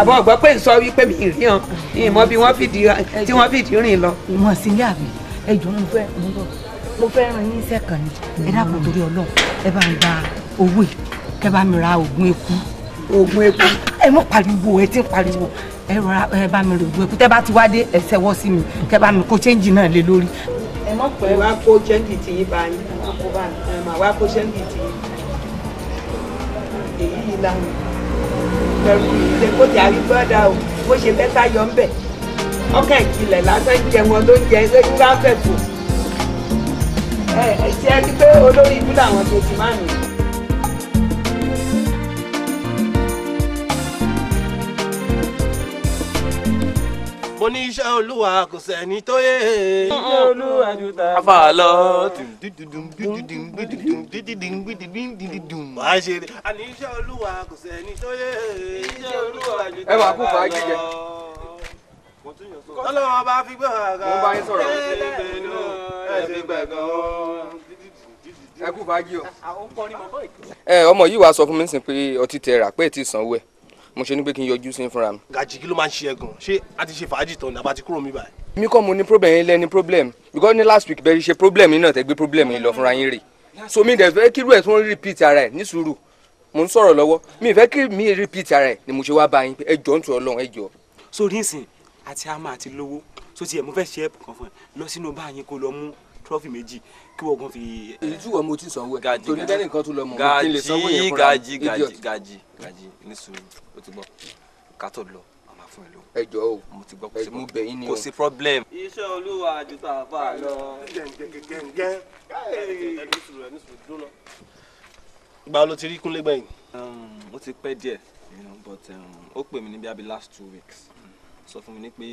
A: àbọ̀ ọ̀gbọ́ pé ń sọ wípé mi rí hàn ìmọ̀ bí wọ́n fìdí tí wọ́n fìdí rìn
B: lọ. ìmọ̀ sí ní àmì ẹjọ́ mo fẹ́ mo fẹ́ ràn yín sẹ́kàn ni ẹ dákun torí ọlọ́run ẹ bá ń gba owó yìí kẹ́ bá mi ra oògùn eku. oògùn eku. ẹ mọ pariwo ẹ ti pariwo ẹ rọra ẹ bá mi ra oògùn eku tẹ́ bá ti wá dé ẹ ṣẹ́wọ́ sí mi kẹ́ bá mi kó chẹ́ǹjì náà lé lórí. ẹ mọ pé wàá kó chẹ́ǹjì tì í bá yín wàá kó chẹ́ǹjì tì í èyí làwọn
A: pẹ̀lú ilé kó ti àrí gbọ́dá o bó ṣe fẹ́ sáyọ ń bẹ̀ ọkàn ìpìlẹ̀ lásán jẹ wọn ló ń jẹ ẹgbẹ́ tí wọ́n fẹ́ fò ẹ ẹ ti ẹni pé olórí ibú làwọn tó ti máa nù. mo ní iṣẹ́ olúwa kò sẹ́ni tó yé. iṣẹ́ olúwa ju ta. afa lọ. wàá ṣe é àní iṣẹ́ olúwa kò sẹ́ni tó yé. iṣẹ́ olúwa ju ta. ẹ wàá kú fàájì jẹ. ọlọ́run ọba fi gbé ọ̀gá. mo bá yín sọ̀rọ̀. ẹ
E: fi gbẹ̀gàn o ẹ kú fàájì o. ẹ ọmọ yìí wàá sọ fún mi nísìnyí pé ọtí tẹ rà pé ti sanwó ẹ mo ṣe ní pé kí n yọjú sí fúnra mi.
A: gàjì kí ló máa ń ṣe ẹgàn ṣé a ti ṣe fàájì tán ní abati kúrò mi báyìí. mi kọ́ mo
E: ní problem yín lẹ́ni problem because ní last week bẹ́ẹ̀ ṣe problem yín náà tẹ́ gbé problem yín lọ fúnra yín rè so mi dẹ̀ fẹ́ kí irú ẹ̀ tún repeat ara ẹ̀ ní sùúrù mo ń sọ̀rọ̀ lọ́wọ́ mi fẹ́ kí mi repeat ara ẹ̀ ni mo ṣe wá bá yín pé ẹ jọ ń tu ọlọ́run ẹ jọ.
A: so nísìn àti ama àti lówó so tiẹ̀ mo fẹ́ ṣe ẹ̀pù kan fún ẹ lọ sínú báyìí kó lọ mú kí wọ́n fi. ìjú wọn mo ti sanwó
D: ẹ torí bẹ́ẹ̀ nìkan tó lọ mọ̀ mo ti lè sanwó yẹn fúnra gaji gaji
E: gaji gaji ní sùúrù o ti gbọ́ kátó lọ àmà fún ẹ lọ. ẹ jọ o mo ti gbọ́ kò sí kò sí problem.
A: iṣẹ́ olúwa ju tàfà lọ.
E: gba ló ti rí kúnlé gbẹ̀yìn. ó ti pẹ́ díẹ̀ but ó pè mí ní bí i last two weeks sọ fún mi ní pé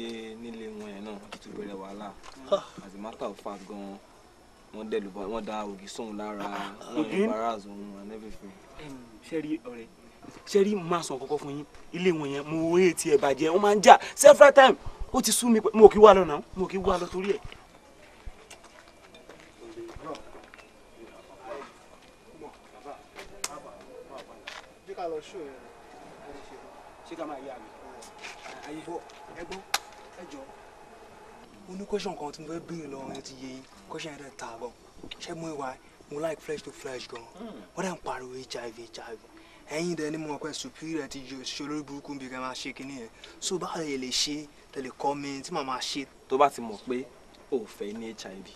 E: nílé wọn yẹn náà ti bẹ̀rẹ̀
A: wàhálà as a matter of fact gan-an wọ́n dẹ̀ lùbá wọ́n da ògì sóhun lára ah, ah, embarrass òun and everything. ṣé rí ọ̀rẹ́ ṣé rí máa sọ kọ́kọ́ fún yín ilé wọn yẹn mo wé tiẹ̀ bàjẹ́ wọ́n máa ń jà several times ó ti sú mi pé mo kì í wá lọ náà mo kì í wá lọ torí ẹ̀. ṣé ká máa yá mi àyè ẹ̀gbọ́n mo ní question kan tí mo fẹ́ béèrè lọ́wọ́ ti yé yín question yẹn ta bọ̀ ṣé mo ìwà mo like flesh to flesh gan hmm. wọ́n dẹ̀ ń pariwo hiv hiv ẹ̀yin dẹ̀ ni mo mọ̀ pé superior ti yọ ṣe olórí burúkú bí ká máa ṣe kínní yẹn so báwo lè lè ṣe tẹ̀lé kọ́ mi tí màá máa ṣe. tó bá ti mọ̀ pé o ò fẹ́ hiv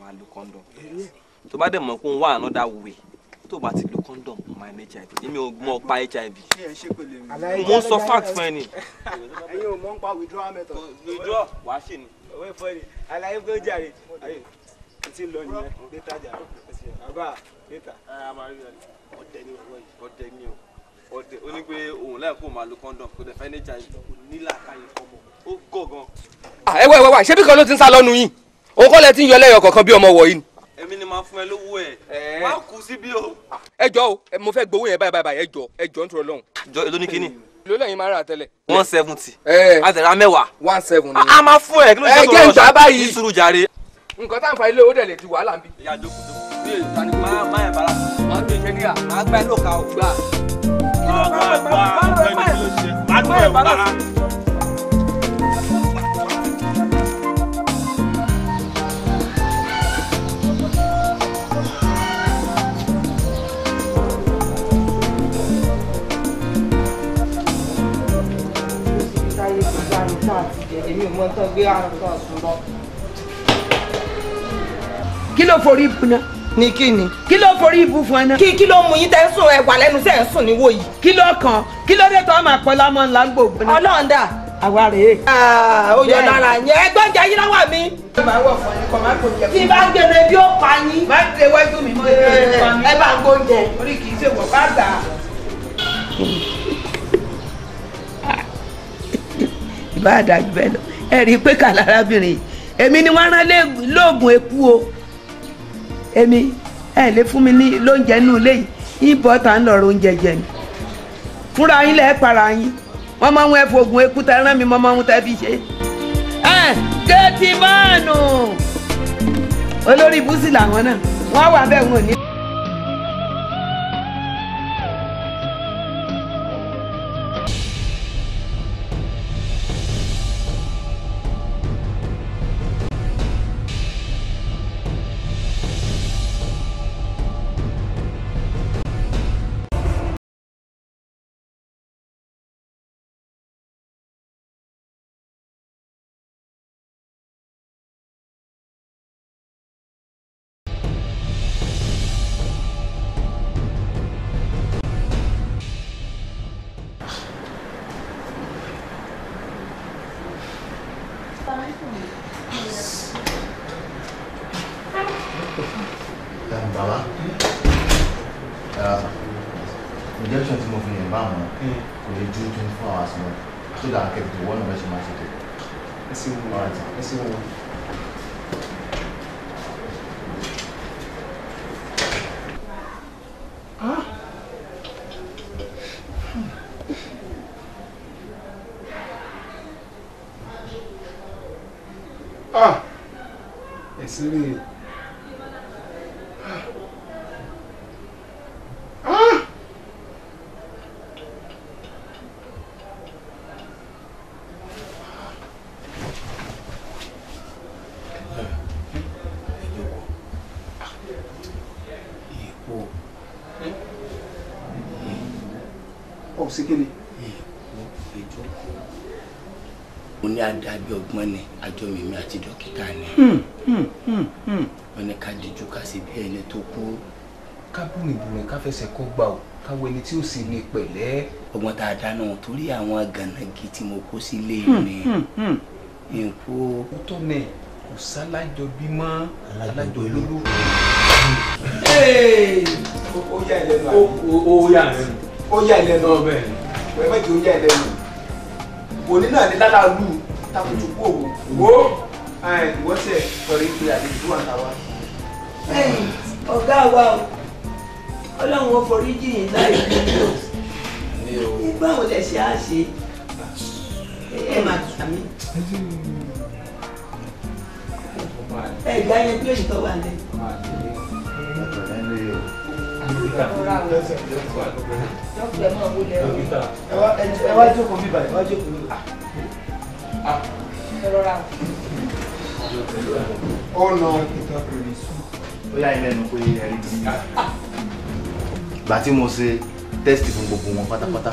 A: máa lo condom tó bá dẹ̀ mọ̀ pé òun wà another way tó ti lo condom máa ní hiv èmi ò mọ̀ pa hiv mo ń sọ fact ni. ẹ̀yin ò mọ̀ pa withdrawal method. withdraw wàá ṣe ni owó ìfọ ni alayé kó jàre ayé n ti lọ nìyẹn déta jà bàbá déta. ọdẹ ni ọwọ yìí ni o ọdẹ ó ní pé òun láì kó máa lo kọ́ńdọ̀m kó ní jà yìí nílà
E: káyé fọmọ ó gọ̀ gan. ẹ wá ẹ wá ṣé bí kan ló ti ń sá lọ́nu yín òun kọ́ lẹ ti ń yọ lẹ́yọ̀ kọ̀ọ̀kan bí ọmọ wọ̀nyí èmi ni màá fún ẹ lówó ẹ má kú síbí o. ẹ jọ o mo fẹ́ gbowó yẹn báyìí báyìí ẹ jọ ẹ jọ nítorí Ọlọ́run. jọ èlò ní kínní ló lẹ́yìn máa ń rà tẹ́lẹ̀. one seventy. àtẹ̀rà mẹ́wàá. one seventy. a máa fún ẹ kí ló jẹ́ tó lọ́sọ̀ ẹ jẹ́ ìgbà báyìí. ìṣúrù jàre. nǹkan tá à ń fa ilé owó dẹ̀ lè ti wàhálà ń bí. ìyá jókòó jókòó. máa máa ẹ̀ bára. máa gbé iṣẹ́ níyà. máa gbá lóka o. kí ló ń bá ẹ̀ bára.
A: máa gbá ẹ̀ bára.
B: àti jẹjẹ mi ò mọ tán gbé àrùn kan sùn lọ.
A: kí ló forí ibu náà. ní kí ni. kí ló forí ibu fún ẹ náà. kí kí ló mú yín tẹ́ ń sùn ẹ̀wà lẹ́nu tẹ́ ń sùn níwò yìí. kí ló kàn kí ló dé tó máa pẹ́ lámọ́ ńlá gbòògbó náà. ọlọ́run dà. àwa rèé. ó yọ lára yẹn ẹgbẹ́ jẹ yín lọ́wọ́ mi. tí bá ń gbèrè bí ó pa yín. má ti wájú mi mọ́ ẹ bá ń gbóúnjẹ. orí kì í ṣe wọ̀ bá gbà. bá àdàjù bẹ́ẹ̀ lọ ẹ rí i pé kà lárábìnrin yìí èmi ni wọ́n rán lóògùn eku o èmi ẹ lè fún mi ní lóúnjẹ nínú ilé yìí ìbọn tá ń lọrọ oúnjẹ jẹ ni fúnra yín lẹ́ẹ̀ para yín wọ́n máa ń wọ́n ẹ̀fọ́ oògùn eku tẹ rán mi mọ́ máa ń tẹ́ fi ṣe. ẹ géètì olórí ibùsùn làwọn náà wọ́n wà bẹ́ẹ̀ wọn ní dáadáa bí ọgbọ́n ni àjọ mímí àti dókítà ni hmm, hmm, hmm, wọ́n ní ká díjú ká sì bí ẹni tó kú. ká bùrìn ká fẹsẹ̀ kó gbà ó káwọ ẹni tí ó sì ní pẹ̀lẹ́. ọgbọ́n tá a dáná torí àwọn gànàgì tí mo kó sílé mi nǹkó. ó tó nẹ kò sálájọ bí mọ́ alájọ lóló. ó yà ìlẹ́nu àná. ó yà ìlẹ́nu. ó yà ìlẹ́nu ọbẹ̀. pẹ̀lú ó yà ìlẹ́nu. òní náà ni lálàá lù takutu kú òwò wo ìwọ́sẹ̀ sọ̀rọ̀ ìpè àdéjú àtàwa. ẹ̀yin ọ̀gá wa o ọlọ́run ó forí jìyìn láì fi lò nígbà wo lẹ ṣe á ṣe ẹ máa tà mí. ẹ gbá yẹn bí èyí tó wà lẹ. Dókítà ẹ wá jókòó bíbá ẹ wá jókòó bíbá ọ̀nà ah.
D: oh, ó yà ilẹ̀ nu pé ẹ̀rí bí
A: ìgbà tí mo ṣe tẹ́sítì fún gbogbo wọn pátápátá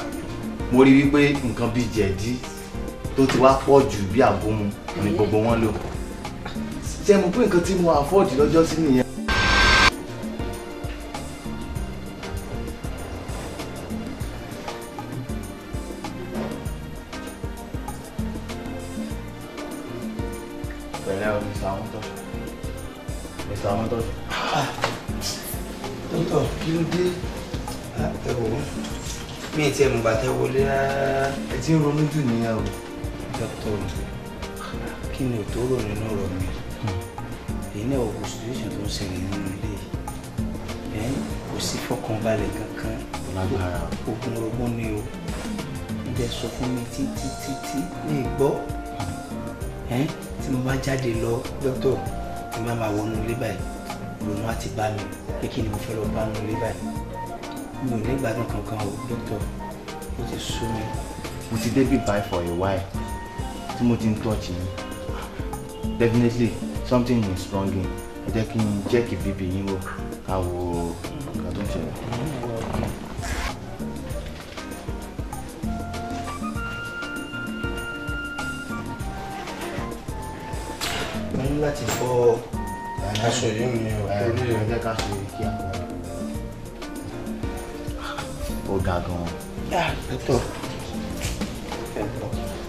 A: mo rí wípé nǹkan bíi jẹ̀dí tó ti wá pọ̀ jù bí àgómu ni gbogbo wọn lò ṣé mo pé nǹkan tí mo àfọ́ọ̀dì lọ́jọ́ sí nìyẹn. tí ń ronú jù nìyẹn o dr kí ni òtó rò nínú ọ̀rọ̀ mi èyí náà wò situation tó ń ṣẹlẹ̀ nínú ilé yìí kò sí fọkànbalẹ̀ kankan ogun rogbọ́n ni o ibẹ̀ sọ fún mi títí títí ní ìgbọ́ tí mo bá jáde lọ dr tí mo bá máa wọnú ilé báyìí ronú àti bá mi pé kí ni mo fẹ́ lọ bá nínú ilé báyìí mi ò ní kankan o dr ó ti sú mi. What did dé buy for a while tí mo ti ń definitely something is wrong in ẹ jẹ́ kí n jẹ́kì bíbí yín wò ká wo nǹkan tó ń ṣẹlẹ̀. mo ní láti fọ aṣọ yìí mi ò tó ní ìrẹ́jẹ́ ká ṣe kí àwọn ọ̀gá gan ah,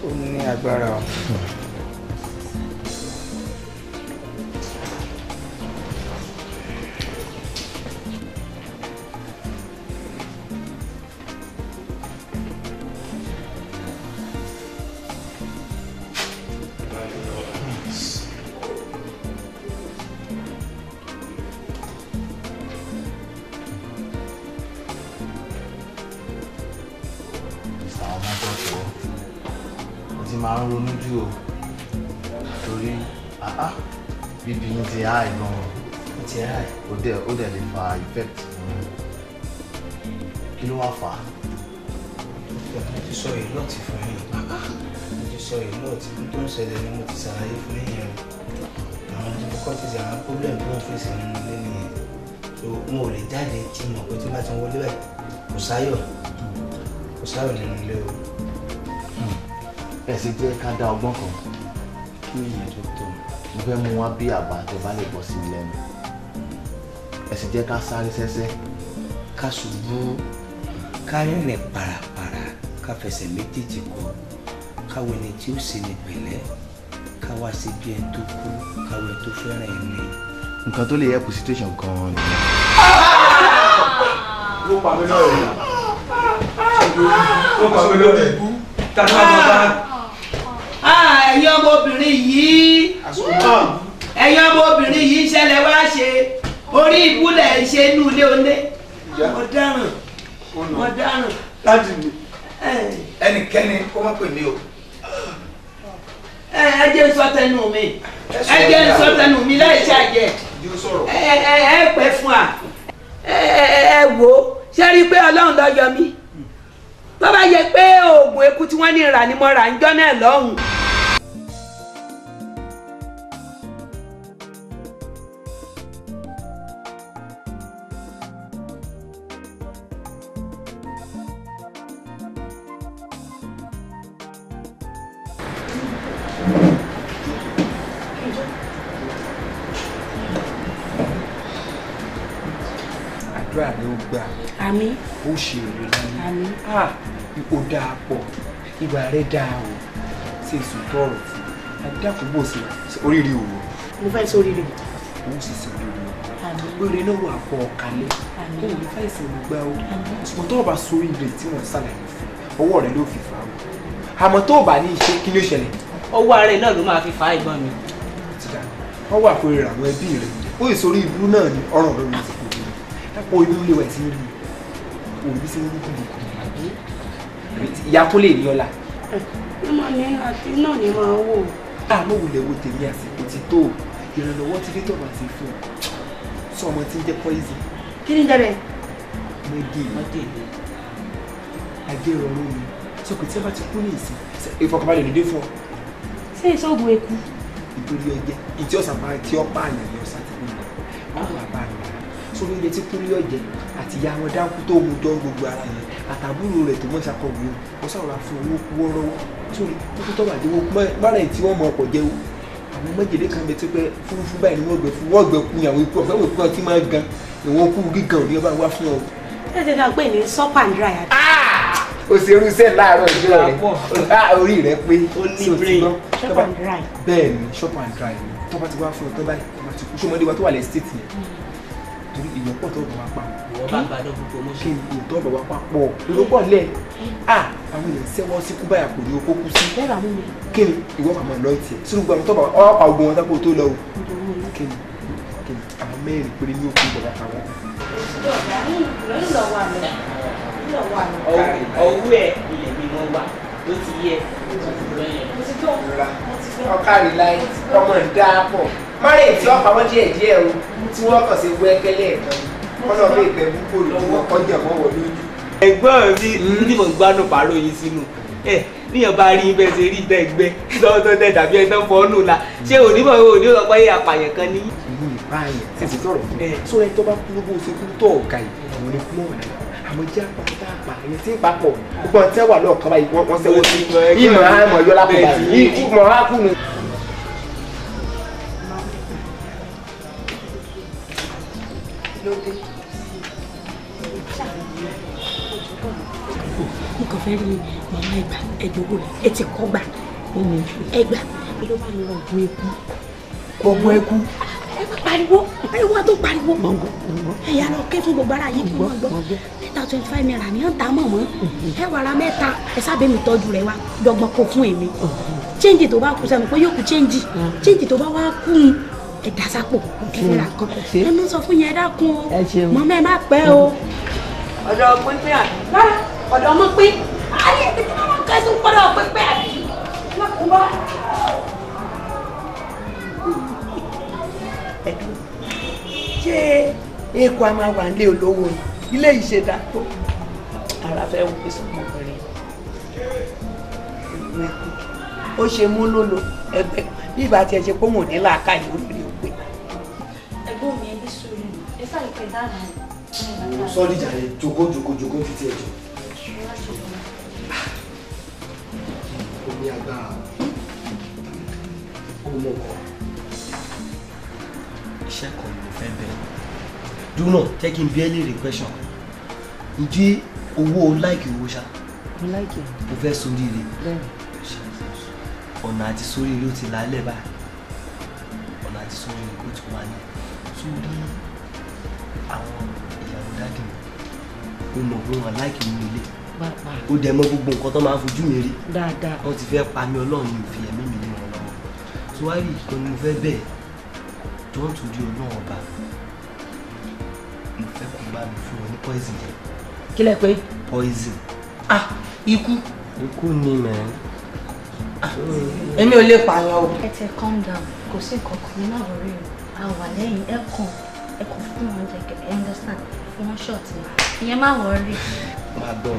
A: ó ní agbára o. ó mọ̀ pé tí bá ti ń wọlé báyìí kò sáyọ̀ kò sáyọ̀ nínú ilé o. Hmm. ẹ sì jẹ́ ká dá ọgbọ́n kan kí èèyàn tó tó mo fẹ́ mú wá bí àbá tó bá lè bọ́ sí i lẹ́nu ẹ sì jẹ́ ká sáré sẹ́sẹ́ ká ṣubú ká rìnrìn pàràpàrà ká fẹsẹ̀ méjèèjì kọ́ káwọ ẹni tí ó sì ní pẹ̀lẹ́ ká wá sí bí ẹni tó kú káwọ ẹni tó fẹ́ràn ẹni. nǹkan tó lè yẹ kù situation gan nìyẹn tó pa mí lọ́rẹ̀ yìí tó pa mí lọ́rẹ̀ ikú
B: tata bàbá.
A: Ah, ẹ̀yin ọmọbìnrin yìí ẹ̀yin ọmọbìnrin yìí ṣẹlẹ̀ wá ṣe orí ìbúlẹ̀ ṣe inú ilé onílé ọ̀daràn ọ̀daràn. láti mi ẹnikẹ́ni kó má pè mí o ẹ jẹ́ sọ tẹnu mi ẹ jẹ́ sọ tẹnu mi láì ṣàjẹ́ ẹ ẹ pẹ́ fún wa ẹ ẹ wo ṣe rí i pé ọlọ́run ló yọ mí tó bá yẹ pé oògùn eku tí wọ́n ní ìrànímọ́ra ń jọ́ náà lọ́hùn-ún àdúrà rẹ ó gbà àmín ó ṣe èrè láyé àmín ipò dáa pọ̀ ìwà rẹ dáa o ṣe ìsúntọ́ ọ̀rọ̀ fún àdàkùnbò sí oríire òwò. mo fẹ́ sọ oríire. ó sì sọ oríire àmì lórí náà wà fọ ọ̀kalẹ̀ kó o ní fàìsàn gbà o ṣùgbọ́n tó o bá sórí ibẹ̀ tí wọ́n ṣàlàyé fún ọwọ́ rẹ ló fi fà á àmọ́ tó o bá ní iṣẹ́ kí ló ṣẹlẹ̀. ọwọ́ ara ẹ̀ náà ló máa fi fà á ìbọn mi. wọ́n wà fún ìràwọ̀ ó ibi ilé wẹ̀ tí ń lu òbí sí ní kùdùkùdù àbí ìyá kó lè ní ọ̀la.
B: màmá mi àti náà ni màá wò.
A: àmọ́ wulẹ̀ wo tèmi àsìkò ti tó ìrànlọ́wọ́ ti dé tọ̀rọ̀ àti fún un sọ ọmọ tí ń jẹ́ poison. kí ni jẹ́bẹ̀. mo dé mo dé ní agéròrò mi sọ pé tí a bá ti kú ní ìsìn ìfọkànbalẹ̀ ló dé fún ọ.
B: ṣé ìṣòògùn eku.
A: ìpele ẹ̀jẹ̀ ìtí ọ̀sán máa ti ọ́ pààyàn lọ sórí ilé tí kúrí ọ̀jẹ̀ àti ìyá wọn dáńkú tó mú dán gbogbo ara yẹn àtàbúrò rẹ̀ tó mọ̀ ṣàkọ̀wé wọn sàrọ̀ra fún owó kú wọ́rọ́wọ́ sórí kókó tó bàjẹ́ wọn mọ́ra ẹ̀ tí wọ́n mọ ọkọ̀ jẹ́ o àwọn méjèèjì kan bẹ tí pé fúnfún báyìí ni wọ́n gbẹ fún wọ́n gbẹ kú àwọn ikú ọ̀fẹ́ òkú ọtí máa gan ìwọ̀n kú gígan ò ní ọba wá fún ọ.
B: ẹ ti dá pé ní sọ́pà ń dra yàtọ̀.
A: o ṣe irú iṣẹ́ láàárọ̀ ìjọ rẹ̀ ah, orí shop and dry tọ́ba ti wá fún ọ tọ́ba ti kú sọmọdé wa tó wà lẹ́sítẹ̀tì yẹn hmm èèyàn pọ̀ tọ́gbọ̀n wá pa wọ́n bá gbàdọ̀ gbogbo mọ́ ṣe kí n tọ́gbọ̀n wá pa pọ̀ ló pọ̀ lẹ̀ à àwọn èèyàn sẹ́wọ́ sí kú báyà kò ní okó kú sí kí ni ìwọ màmá lọ tiẹ̀ sínú gbàgbọ́ tọ́gbà ọ́ pa ogun wọn sápò tó lọ o kí ni kí ni àwọn mẹ́rin péré ní òkú ìgbàgbà pa wọ́n. ọwọ́ ẹ̀ ilẹ̀ mi wọ́n wà ló ti yẹ
B: ọkàrí láì
A: ọmọ ìdáàpọ̀ márùn-ún tí ọ̀pá wọn díẹ̀ díẹ̀ o tí wọ́n kàn sí wẹ́kẹ́lẹ́ kan kọ́nà bí ìpẹ́ púpọ̀ lọ́wọ́ kọjá mọ́ wọ lójú. ẹ̀gbọ́n mi ní mo gbádùn pàrọ̀ yìí sínú ẹ̀ níyàn bá rí ibẹ̀ ṣe rí ìtẹ́ ẹgbẹ́ lọ́wọ́ tẹ́ dàbí ẹ̀ tán fọ́nù la ṣé onímọ̀ òní ọ̀pọ̀ yẹ àpàyàn kan ní. ìlú ìpààyàn ti ti tọrọ sọ ẹ tó bá kú lóbó ṣe kú tọ ọgá yìí àmọ́ jẹ́ àpáta àpá ẹni tí papọ̀ gbogbo ọ̀tẹ́wà lọ́ọ̀kan báyìí wọ́n sẹ́wọ́
D: sí ìmọ̀ àmọ̀ yọlá kọ̀ báyìí ìmọ̀
A: àkùnrin.
B: ló dé. mo kàn fẹ́ rí màmá ẹgbà ẹ̀dọ́gbò rẹ̀ ẹ ti kọ́ gbà ẹgbà ẹ ló bá lọ ọ̀gbọ́n ẹkú. ọ̀gbọ́n ẹkú. ẹ má pariwo pariwo tó pariwo. ẹ̀yà lọ ké fún gbogbo ara yìí kí wọ́n gbọ́ mẹ́ta twenty five naira ni wọ́n ta mọ̀ mọ́ ẹ wàrà mẹ́ta ẹ sábẹ́ mi tọ́jú rẹ wa dọ́gbọ́n kò fún èmi. chéǹjì tó bá kú sẹ́nu pé yóò kú chéǹjì ah. chéǹjì tó bá wá kú un ẹ dà sápò kí n ra kan ẹ mú sọ fún yẹn ẹ dákun o mọ́mọ́ ẹ má pẹ́ o. ọ̀dọ̀ pínpín àbí rárá ọ̀dọ̀ ọmọ pín ayé ẹ̀mí tí wọ́n kẹ́ sí ń pọ́dọ̀ pínpín àbí ọlọ́kùnrin bá.
A: ẹ̀dùn ṣé eku a máa wà nílé olówó ilé yìí ṣe dá tó ara fẹ́ wọ́n pèsè ọmọbìnrin ó ṣe mú lólo ẹgbẹ́ bí ìbá tiẹ̀ ṣe pé òun ò ní làákàyè olórí
B: sọ́ọ́dì jàre
A: jogo jogo jòkó títí ẹ̀jọ̀ omi agbára ọmọ kan iṣẹ́ kan ló fẹ́ bẹ̀rẹ̀ dúnà jẹ́ kí n bi ẹ́ léèrè question ǹjẹ́ owó láìkì owó ṣá mo fẹ́ sóríire ọ̀nà àti sóríire ó ti lálẹ́ báyìí ọ̀nà àti sóríire ó ti wà ní sóríire àwọn ìyàwó dáàdì mi ó mọ̀ pé wọn láìkì nínú ilé ó dẹ̀ mọ̀ gbogbo nǹkan tó máa ń fojú mi rí wọn ti fẹ́ pa mi ọlọ́run mi ò fi ẹ̀mí mi lé lọ́wọ́ tó wá ìkan ni mo fẹ́ bẹ́ẹ̀ tó ń tòjú ọlọ́run ọba mo fẹ́ kó bá mi fún wọn ní poison yẹn. kí lẹ pé. poison. ah ikú. ikú ni
D: mẹ́rin
B: èmi ò lè pààyàn o. ẹ tẹ calm down kò sí nǹkan kan nínú àwọn orí o a wà lẹ́yìn ẹ kàn ẹ kò fún wọn jẹ kẹ ẹ understand wọn short ni ìyẹn má wọ rí.
A: máa gbọ́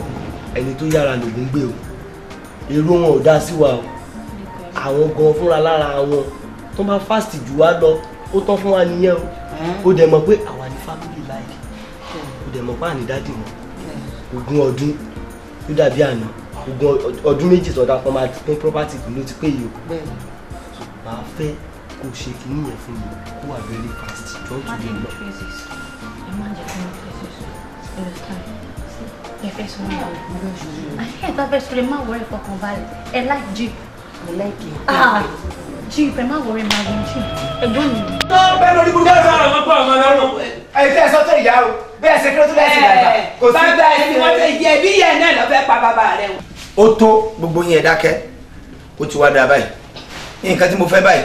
A: ẹni tó yára lògùn gbé o èrò wọn ò dá sí wa o àwọn gan fúnra lára wọn tó bá fast jù wá lọ ó tán fún wa nìyẹn o ó dẹ̀ mọ̀ pé àwa ni family life ó dẹ̀ mọ̀ pé àní dáàdì mọ̀ ogún ọdún ló dàbí àná ogún ọdún méjì sọdá kan máa pín property kù ló ti pé yìí o máa fẹ́ kó ṣe kìíní yẹn fún mi kó wà very fast jọ tó lè lọ. ẹ má jẹ́ kí wọ́n
D: fẹ́ sọ ẹ fẹ́ sọ ní àwọn ọmọ
B: ọ̀ṣun. àyè ẹ̀ bá fẹ́ sọ lè má wọrí fọkàn balẹ̀ ẹ láì jí. mo láì kí n jí ìfẹ́ má wọrí máa wọ jí ẹ̀gbọ́n mi.
A: bẹ́ẹ̀ lórí gbogbo ẹ̀rọ àwọn ọmọ ọmọ ọlọ́run. ẹ̀yin tẹ́ ẹ sọ
B: tó bẹ́ẹ̀ ṣe kí
A: eh. kò sí bàbá ẹ wọ́n ti yẹ bí yẹ náà lọ fẹ́ pa bàbá rẹ. ó tó gbogbo yín dákẹ́ ó ti wá dáa báyìí nǹkan tí mo fẹ́ báyìí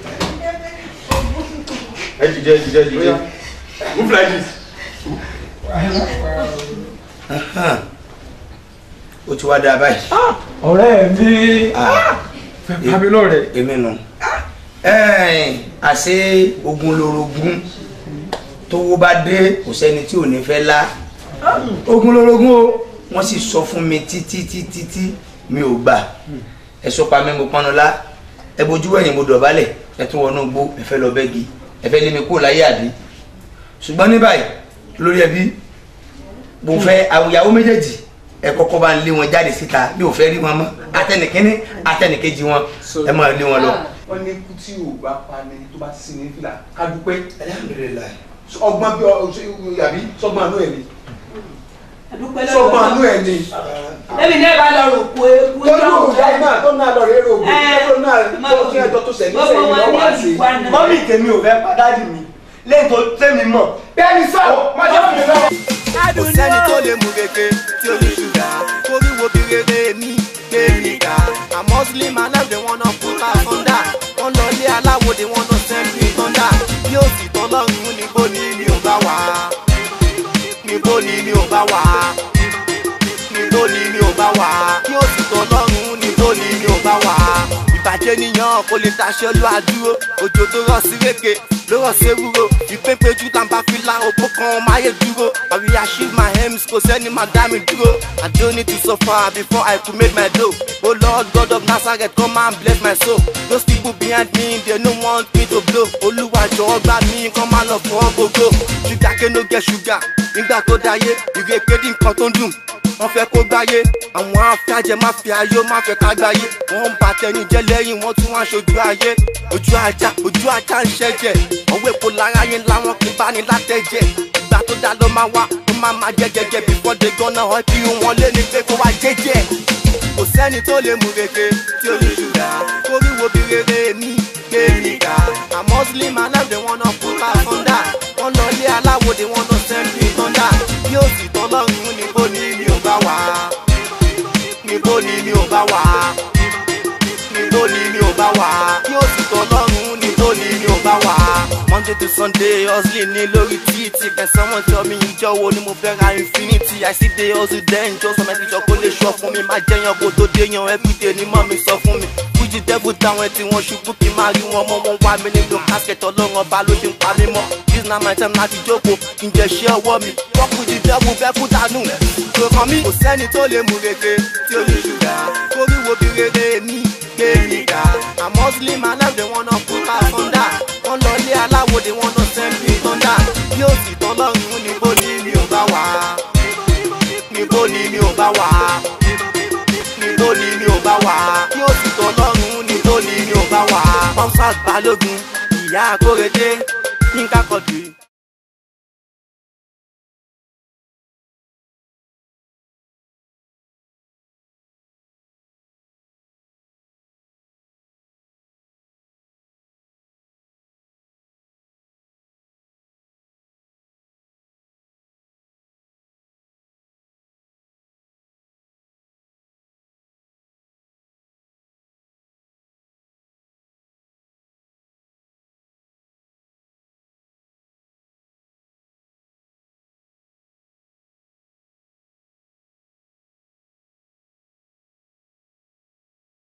A: ẹ dìde dìde dìde move like this. o ti wá dáa báyìí. Ah! ọ̀rẹ́ mi ah. Ah! fẹ́ lọ́rẹ̀. E, èmi nù àṣé ogun lorogún tówó bá dé kò sẹ́ni tí ò ní fẹ́ lá ogun lorogún o wọ́n sì sọ fún mi títí títí tí mi ò gbà ẹ sọ pa mí mo pọnú lá ẹ bojú ẹ̀yìn mo dọ̀bálẹ̀ ẹ tún wọnú gbó ẹ fẹ́ lọ bẹ́gi ẹ fẹ́ lé mi kúrò láyé àbí ṣùgbọ́n ní báyìí lórí ẹbí mo fẹ́ àwọn ìyàwó méjèèjì ẹ kọ́kọ́ bá ń lé wọn jáde síta bí ò fẹ́ rí wọn mọ́ atẹnìkíní atẹnìkejì wọn ẹ máa lé wọn lọ. wọn ní kú tí o bá pa ni tó bá sí ní fìlà ká dúpẹ́ ọgbọ́n bí ọ àbí sọgbọ́n àná ẹ̀ ni
D: sọgbọn àánú ẹ
A: ni. lẹ́mi ní ẹ bá lọ rò ewu tó ń bọ̀. tọ́lú tó náà lọ rẹ̀ rò kó tó náà tó kí ẹjọ́ tó sẹ̀mí sẹ̀mí lọ́wọ́ àti. mọ́mí tèmi ò fẹ́ padàdì mi lẹ́yìn tó tẹ́mi mọ̀. bẹ́ẹ̀ni sọ̀rọ̀ má jẹ́ mi lọ. kò sẹ́ni tó lè mú rere tí ó ní ṣúgà torí wo bí rere mi lè rí ká. àmọ́ muslim aláwọ̀dé wọn náà kó bá sọ́ndà wọ́n lọ ilé aláwọ̀dé wọn náà sẹ́ńtì sọ́ndà bí ó sì tán lọ́rùn ní bó ní mi ò níbo ni mi ò bá wà níbo ni mi ò bá wà kí ó sì tọ́ lọ́rùn níbo ni mi ò bá wà ìbàjẹ́ níyàn kò lè taṣẹ́ lọ́ àdúró òjò tó rọ̀ sí rékè lówọ̀sẹ́wúro ìpépejú tàǹbà fìlà òpó kan máyédúró I will achieve my aims kò sẹ́ni máa dá mi dúró I don't need to suffer before I could make my dough Oh Lord God of Nazareth come and bless my soul Those people behind me they no want me to blow Olúwa jọ̀wọ́ gbà mí come and lọ fún gbogbo Sugar cane no get sugar nígbà tó dáyé ìrèké dín nǹkan tó ń dùn wọ́n fẹ́ kó gbáyé àwọn afẹ́ajẹ má fi ayé má fẹ́ ká gbáyé wọ́n ń ba tẹni jẹ́ lẹ́yìn wọ́n tún wá ṣojú ayé ojú ajá ojú ajá ń ṣẹ́jẹ̀ ọwọ́ èpo lára yín láwọn kì í bá ní látẹ̀jẹ̀ ìgbà tó dá ló máa wá ó máa máa jẹ́jẹ́jẹ́ before they gonna help you wọ́n lé ní pé kó wá jẹ́jẹ́ kò sẹ́ni tó lè mú reke tí ó ní ṣùgbà kóríwo bí rere mi gbé mi ká àmọ́ muslim aláwòdì wọn náà kó bá thunder wọn lọ ilé aláwòdì wọn náà thunder bí ó sì tán lọ́rùn ní bó ní ìlú bá wà á níbo ni mi ò bá wà á níbo ni mi ò bá wà á yóò sì tọ́ lọ́rùn. Monday to Sunday, hustling ní lórí títì. Can someone tell me ìjọ wo ni mo fẹ́ ra infinity? I still dey hustle then, just ọmọ ẹ̀sìn ìjọkó lè sọ fún mi. Má jẹyàn kó tó déyàn, everyday ni mọ́ mi sọ fún mi. Fújì dẹ́bù táwọn tí wọ́n ṣubú kí n má rí wọn mọ́. Wọ́n wá mi nínú kásikẹ̀tì ọlọ́run ọba ló ṣe ń pa mí mọ́. This na my time láti jókòó, kí n jẹ ṣé ọwọ́ mi. Wọ́n fújì dẹ́bù fẹ́ kú dànù. Kò kàn mí, kò sẹ́ni tó lè mú rege tí ó ní ṣùgbọ́n. Kórìwò bí rere mi, play nigga I'm hustling my they wanna put us under wọ́n lọ ilé aláwo they wanna send me thunder bí ó sì tán lọ́rùn níbo ni mi ò bá wà níbo ni mi ò bá wà níbo ni mi ò bá wà bí ó sì tán lọ́rùn níbo
D: ni mi ò bá wà. pọ́ńsà balógun ìyá àkórèdé yínká kọ̀dùn.